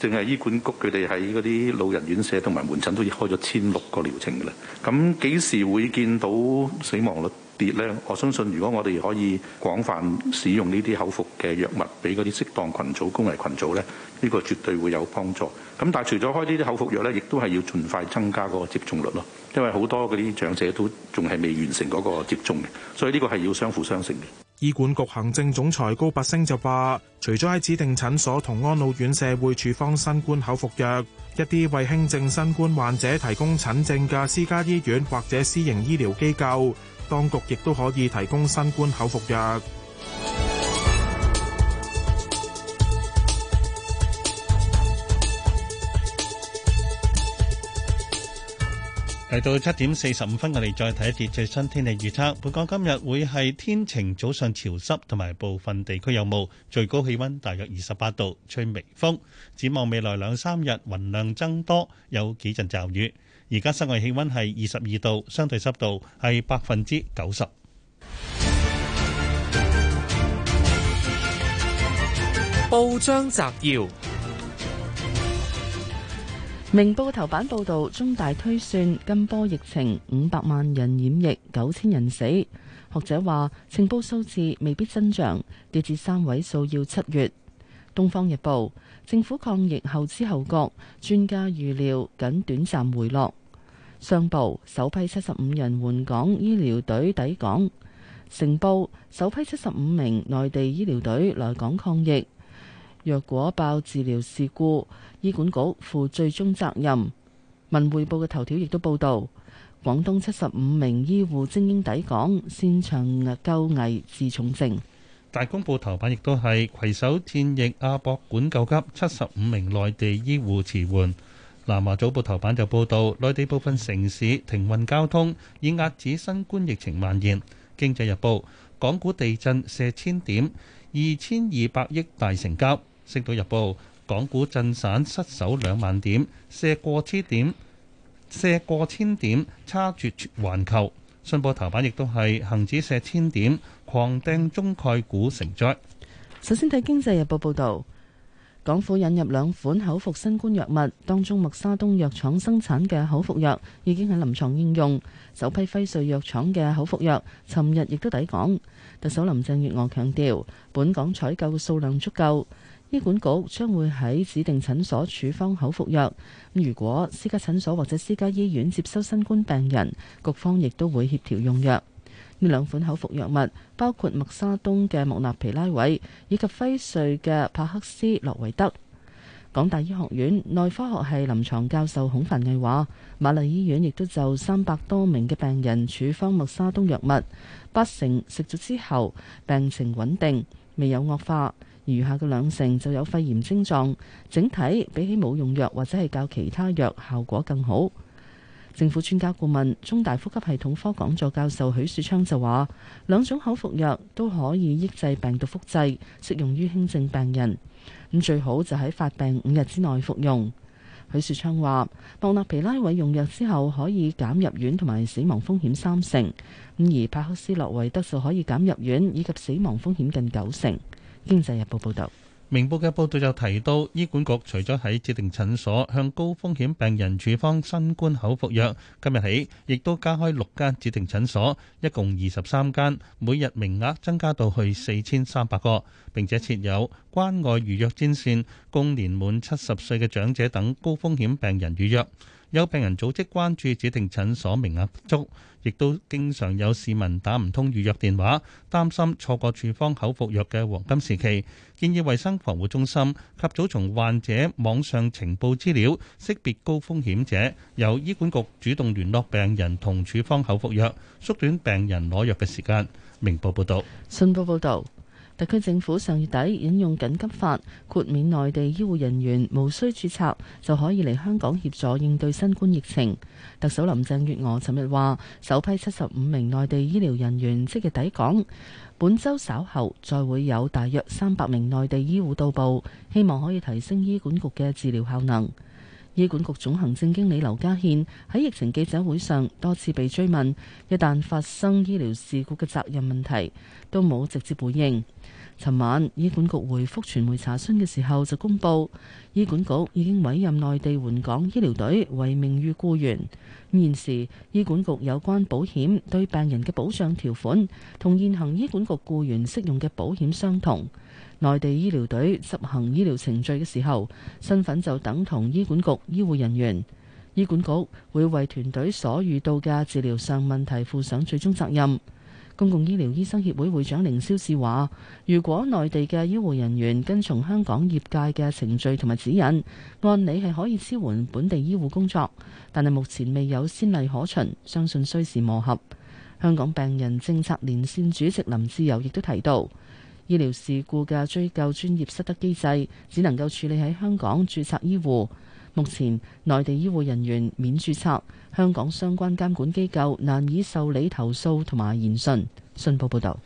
淨係醫管局佢哋喺嗰啲老人院舍同埋門診都已開咗千六個療程嘅啦，咁幾時會見到死亡率？跌咧，我相信如果我哋可以廣泛使用呢啲口服嘅藥物，俾嗰啲適當羣組公衆羣組咧，呢個絕對會有幫助。咁但係除咗開呢啲口服藥咧，亦都係要盡快增加嗰個接種率咯，因為好多嗰啲長者都仲係未完成嗰個接種嘅，所以呢個係要相輔相成嘅。醫管局行政總裁高拔陞就話，除咗喺指定診所同安老院社會處方新冠口服藥，一啲為輕症新冠患者提供診症嘅私家醫院或者私營醫療機構。當局亦都可以提供新冠口服藥。嚟到七點四十五分，我哋再睇一節最新天氣預測。本港今日會係天晴，早上潮濕，同埋部分地區有霧，最高氣溫大約二十八度，吹微風。展望未來兩三日，雲量增多，有幾陣驟雨。而家室外氣溫係二十二度，相對濕度係百分之九十。報章摘要：明報頭版報道，中大推算今波疫情五百萬人染疫，九千人死。學者話，情報數字未必增長，跌至三位數要七月。東方日報：政府抗疫後知後覺，專家預料僅短暫回落。商報，首批七十五人援港醫療隊抵港，成報，首批七十五名內地醫療隊來港抗疫。若果爆治療事故，醫管局負最終責任。文匯報嘅頭條亦都報道，廣東七十五名醫護精英抵港，擅長救危治重症。大公報頭版亦都係攜手戰疫，亞博館救急，七十五名內地醫護支援。南華早報頭版就報道，內地部分城市停運交通，以遏止新冠疫情蔓延。經濟日報，港股地震瀉千點，二千二百億大成交。星島日報，港股震散失守兩萬點，瀉過千點，瀉過千點，差絕環球。信報頭版亦都係恒指瀉千點，狂掟中概股成災。首先睇經濟日報報道。港府引入兩款口服新冠藥物，當中默沙東藥廠生產嘅口服藥已經喺臨床應用，首批輝瑞藥廠嘅口服藥尋日亦都抵港。特首林鄭月娥強調，本港採購數量足夠，醫管局將會喺指定診所處方口服藥，如果私家診所或者私家醫院接收新冠病人，局方亦都會協調用藥。呢兩款口服藥物包括默沙東嘅莫納皮拉韋以及輝瑞嘅帕克斯洛維德。港大醫學院內科學系臨床教授孔凡毅話：瑪麗醫院亦都就三百多名嘅病人處方默沙東藥物，八成食咗之後病情穩定，未有惡化；餘下嘅兩成就有肺炎症狀。整體比起冇用藥或者係較其他藥效果更好。政府專家顧問、中大呼吸系統科講座教授許樹昌就話：兩種口服藥都可以抑制病毒複製，適用於輕症病人。咁最好就喺發病五日之內服用。許樹昌話：莫納皮拉韋用藥之後可以減入院同埋死亡風險三成，而帕克斯洛維德就可以減入院以及死亡風險近九成。經濟日報報導。明報嘅報導就提到，醫管局除咗喺指定診所向高風險病人處方新冠口服藥，今日起亦都加開六間指定診所，一共二十三間，每日名額增加到去四千三百個，並且設有關外預約專線，供年滿七十歲嘅長者等高風險病人預約。有病人組織關注指定診所名額不足，亦都經常有市民打唔通預約電話，擔心錯過處方口服藥嘅黃金時期。建議衞生防護中心及早從患者網上情報資料識別高風險者，由醫管局主動聯絡病人同處方口服藥，縮短病人攞藥嘅時間。明報報道。信報報導。特區政府上月底引用緊急法豁免內地醫護人員無需註冊，就可以嚟香港協助應對新冠疫情。特首林鄭月娥尋日話：首批七十五名內地醫療人員即日抵港，本周稍後再會有大約三百名內地醫護到埗，希望可以提升醫管局嘅治療效能。醫管局總行政經理劉家憲喺疫情記者會上多次被追問，一旦發生醫療事故嘅責任問題，都冇直接回應。尋晚醫管局回覆傳媒查詢嘅時候就公布，醫管局已經委任內地援港醫療隊為名譽僱員。現時醫管局有關保險對病人嘅保障條款同現行醫管局僱員適用嘅保險相同。內地醫療隊執行醫療程序嘅時候，身份就等同醫管局醫護人員。醫管局會為團隊所遇到嘅治療上問題負上最終責任。公共醫療醫生協會會長凌霄士話：如果內地嘅醫護人員跟從香港業界嘅程序同埋指引，按理係可以支援本地醫護工作，但係目前未有先例可循，相信需時磨合。香港病人政策連線主席林志游亦都提到，醫療事故嘅追究專業失德機制只能夠處理喺香港註冊醫護，目前內地醫護人員免註冊。香港相關監管機構難以受理投訴同埋研訊。信報報道。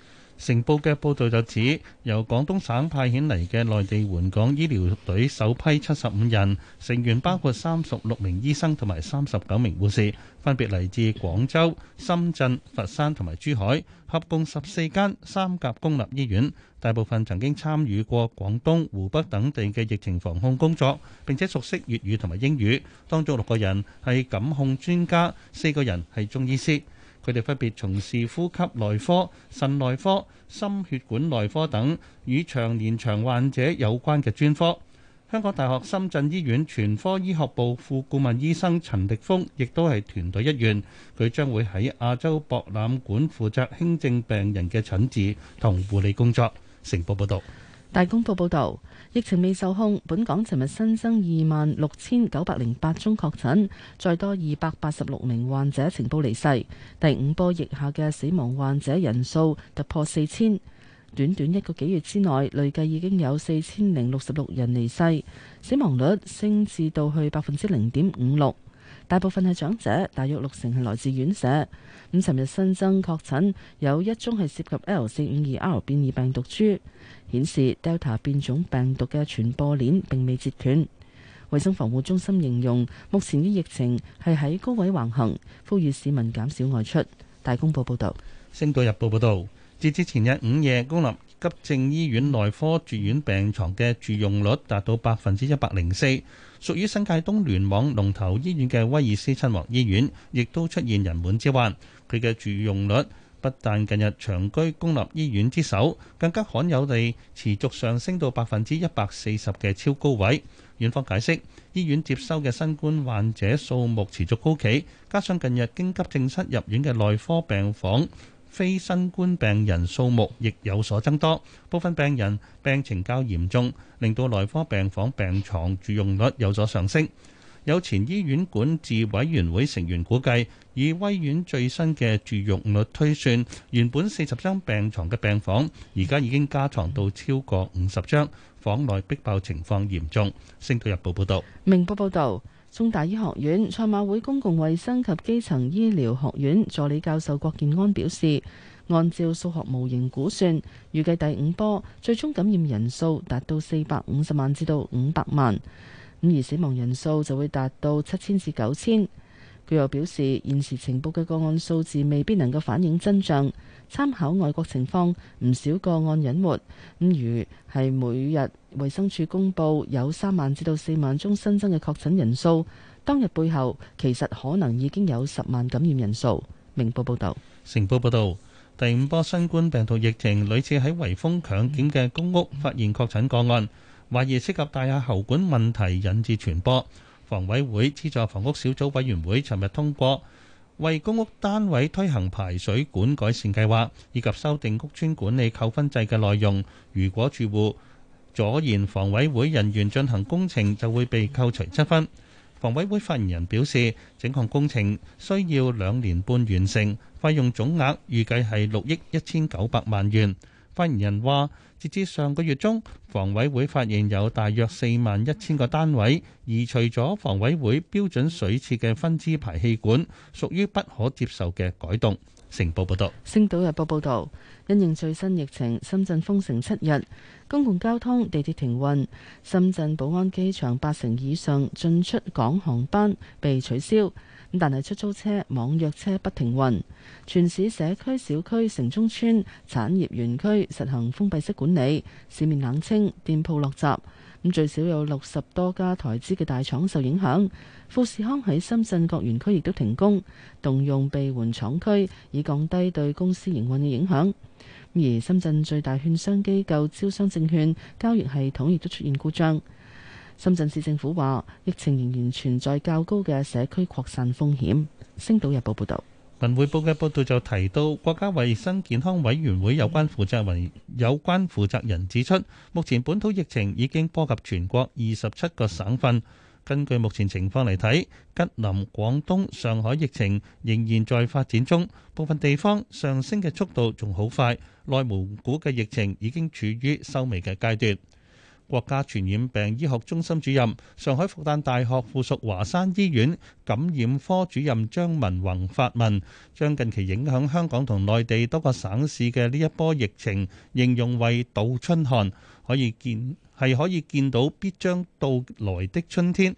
成報嘅報導就指，由廣東省派遣嚟嘅內地援港醫療隊首批七十五人，成員包括三十六名醫生同埋三十九名護士，分別嚟自廣州、深圳、佛山同埋珠海，合共十四間三甲公立醫院，大部分曾經參與過廣東、湖北等地嘅疫情防控工作，並且熟悉粵語同埋英語。當中六個人係感控專家，四個人係中醫師。佢哋分別從事呼吸內科、腎內科、心血管內科等與長年長患者有關嘅專科。香港大學深圳醫院全科醫學部副顧問醫生陳迪峰亦都係團隊一員，佢將會喺亞洲博覽館負責輕症病人嘅診治同護理工作。成報報道。大公報報道。疫情未受控，本港尋日新增二萬六千九百零八宗確診，再多二百八十六名患者呈報離世。第五波疫下嘅死亡患者人數突破四千，短短一個幾月之內，累計已經有四千零六十六人離世，死亡率升至到去百分之零點五六。大部分係長者，大約六成係來自院舍。咁尋日新增確診有一宗係涉及 L 四五二 R 變異病毒株，顯示 Delta 變種病毒嘅傳播鏈並未截斷。衛生防護中心形容目前嘅疫情係喺高位橫行，呼籲市民減少外出。大公報報道，《星島日報》報道，截至前日午夜，公立急症醫院內科住院病床嘅住用率達到百分之一百零四。屬於新界東聯網龍頭醫院嘅威爾斯親王醫院，亦都出現人滿之患。佢嘅住用率不但近日長居公立醫院之首，更加罕有地持續上升到百分之一百四十嘅超高位。院方解釋，醫院接收嘅新冠患者數目持續高企，加上近日經急症室入院嘅內科病房。非新冠病人數目亦有所增多，部分病人病情較嚴重，令到內科病房病床住用率有所上升。有前醫院管治委員會成員估計，以威院最新嘅住用率推算，原本四十張病床嘅病房，而家已經加床到超過五十張，房內逼爆情況嚴重。星島日報報道，明報報道。中大醫學院賽馬會公共衛生及基層醫療學院助理教授郭建安表示，按照數學模型估算，預計第五波最終感染人數達到四百五十萬至到五百萬，咁而死亡人數就會達到七千至九千。佢又表示，現時情報嘅個案數字未必能夠反映真相，參考外國情況，唔少個案隱瞞，咁如係每日。衛生署公布有三萬至到四萬宗新增嘅確診人數，當日背後其實可能已經有十萬感染人數。明報報道，成報報道，第五波新冠病毒疫情屢次喺圍封強檢嘅公屋發現確診個案，懷疑涉及大廈喉管問題引致傳播。房委會資助房屋小組委員會尋日通過，為公屋單位推行排水管改善計劃，以及修訂屋村管理扣分制嘅內容。如果住戶阻延房委會人員進行工程就會被扣除七分。房委會發言人表示，整項工程需要兩年半完成，費用總額預計係六億一千九百萬元。發言人話，截至上個月中，房委會發現有大約四萬一千個單位移除咗房委會標準水廁嘅分支排氣管，屬於不可接受嘅改動。成報報導，星島日報報道。因應最新疫情，深圳封城七日，公共交通、地鐵停運，深圳寶安機場八成以上進出港航班被取消。但係出租車、網約車不停運，全市社區、小區、城中村、產業園區實行封閉式管理，市面冷清，店鋪落閘。咁最少有六十多家台資嘅大廠受影響，富士康喺深圳各園區亦都停工，動用備援廠區，以降低對公司營運嘅影響。而深圳最大券商機構招商證券交易系統亦都出現故障。深圳市政府話，疫情仍然存在較高嘅社區擴散風險。星島日報報道。文匯報嘅報道就提到，國家衛生健康委員會有關負責人有關負責人指出，目前本土疫情已經波及全國二十七個省份。根據目前情況嚟睇，吉林、廣東、上海疫情仍然在發展中，部分地方上升嘅速度仲好快。內蒙古嘅疫情已經處於收尾嘅階段。國家傳染病醫學中心主任、上海復旦大學附屬華山醫院感染科主任張文宏發文，將近期影響香港同內地多個省市嘅呢一波疫情，形容為倒春寒，可以見係可以見到必將到來的春天。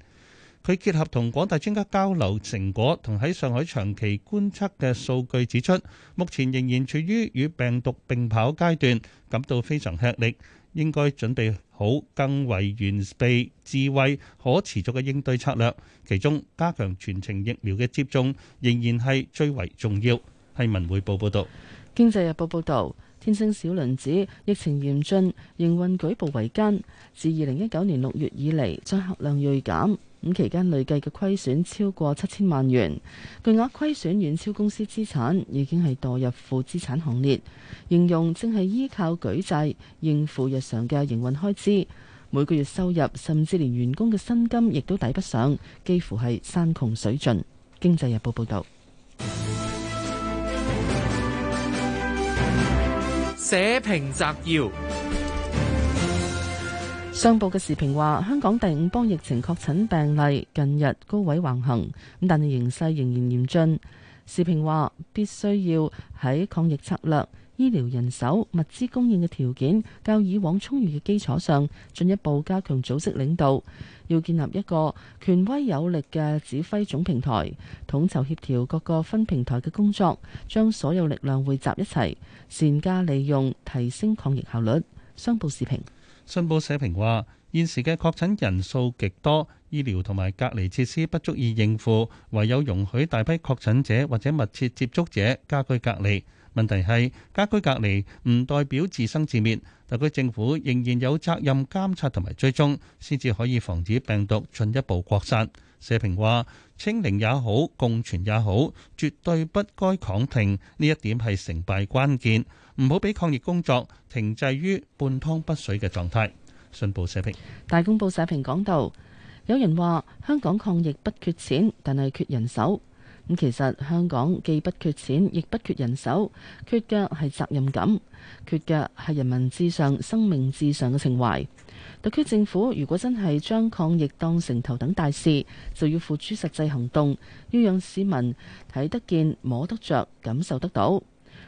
佢結合同廣大專家交流成果同喺上海長期觀察嘅數據指出，目前仍然處於與病毒並跑階段，感到非常吃力。應該準備好更為完備、智慧、可持續嘅應對策略，其中加強全程疫苗嘅接種仍然係最為重要。係文匯報報導。《經濟日報》報導，天星小輪指疫情嚴峻，營運舉步維艱，自二零一九年六月以嚟，載客量鋭減。咁期間累計嘅虧損超過七千萬元，巨額虧損遠超公司資產，已經係墮入負資產行列。形容正係依靠舉債應付日常嘅營運開支，每個月收入，甚至連員工嘅薪金，亦都抵不上，幾乎係山窮水盡。經濟日報報導。社評摘要。商報嘅視頻話，香港第五波疫情確診病例近日高位橫行，咁但係形勢仍然嚴峻。視頻話，必須要喺抗疫策略、醫療人手、物資供應嘅條件較以往充裕嘅基礎上，進一步加強組織領導，要建立一個權威有力嘅指揮總平台，統籌協調各個分平台嘅工作，將所有力量匯集一齊，善加利用，提升抗疫效率。商報視頻。信報社評話：現時嘅確診人數極多，醫療同埋隔離設施不足以應付，唯有容許大批確診者或者密切接觸者家居隔離。問題係家居隔離唔代表自生自滅，特區政府仍然有責任監察同埋追蹤，先至可以防止病毒進一步擴散。社評話：清零也好，共存也好，絕對不該攪停。呢一點係成敗關鍵，唔好俾抗疫工作停滯於半湯不水嘅狀態。信報社評。大公報社評講道：有人話香港抗疫不缺錢，但係缺人手。咁其實香港既不缺錢，亦不缺人手，缺嘅係責任感，缺嘅係人民至上、生命至上嘅情懷。特區政府如果真係將抗疫當成頭等大事，就要付諸實際行動，要讓市民睇得見、摸得着、感受得到。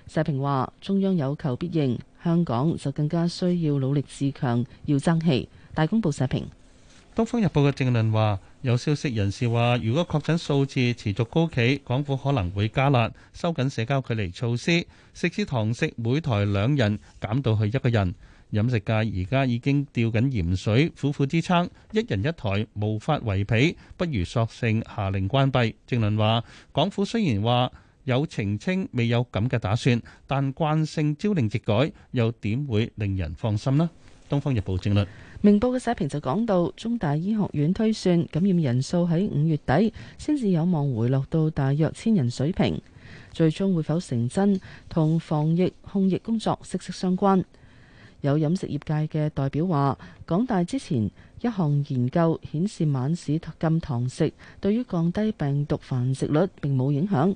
社評話：中央有求必應，香港就更加需要努力自強，要爭氣。大公報社評。《東方日報》嘅正論話：有消息人士話，如果確診數字持續高企，港府可能會加辣，收緊社交距離措施，食肆堂食每枱兩人減到去一個人。飲食界而家已經吊緊鹽水，苦苦支撐，一人一枱無法維皮，不如索性下令關閉。正論話：港府雖然話有澄清未有咁嘅打算，但慣性朝令夕改，又點會令人放心呢？《東方日報》正論。明報嘅社評就講到，中大醫學院推算感染人數喺五月底先至有望回落到大約千人水平，最終會否成真，同防疫控疫工作息息相關。有飲食業界嘅代表話，港大之前一項研究顯示，晚市禁堂食對於降低病毒繁殖率並冇影響。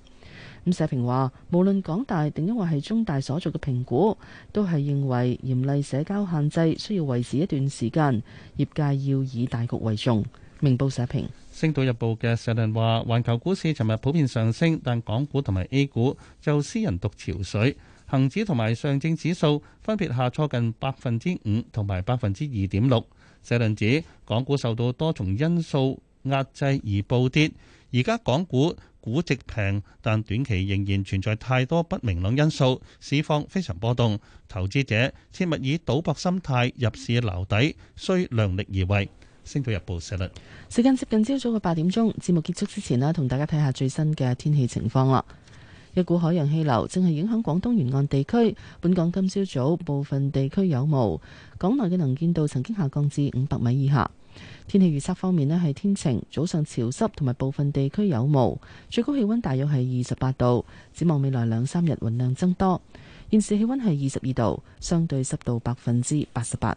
社評話，無論港大定抑或係中大所做嘅評估，都係認為嚴厲社交限制需要維持一段時間，業界要以大局為重。明報社評，星島日報嘅社論話，環球股市尋日普遍上升，但港股同埋 A 股就斯人獨憔悴，恒指同埋上證指數分別下挫近百分之五同埋百分之二點六。社論指，港股受到多重因素壓制而暴跌，而家港股。估值平，但短期仍然存在太多不明朗因素，市況非常波動。投資者切勿以賭博心態入市撈底，需量力而為。星島日報社論。時間接近朝早嘅八點鐘，節目結束之前呢，同大家睇下最新嘅天氣情況啦。一股海洋氣流正係影響廣東沿岸地區，本港今朝早，早部分地區有霧，港內嘅能見度曾經下降至五百米以下。天氣預測方面呢，係天晴，早上潮濕同埋部分地區有霧，最高氣温大約係二十八度。展望未來兩三日雲量增多，現時氣温係二十二度，相對濕度百分之八十八。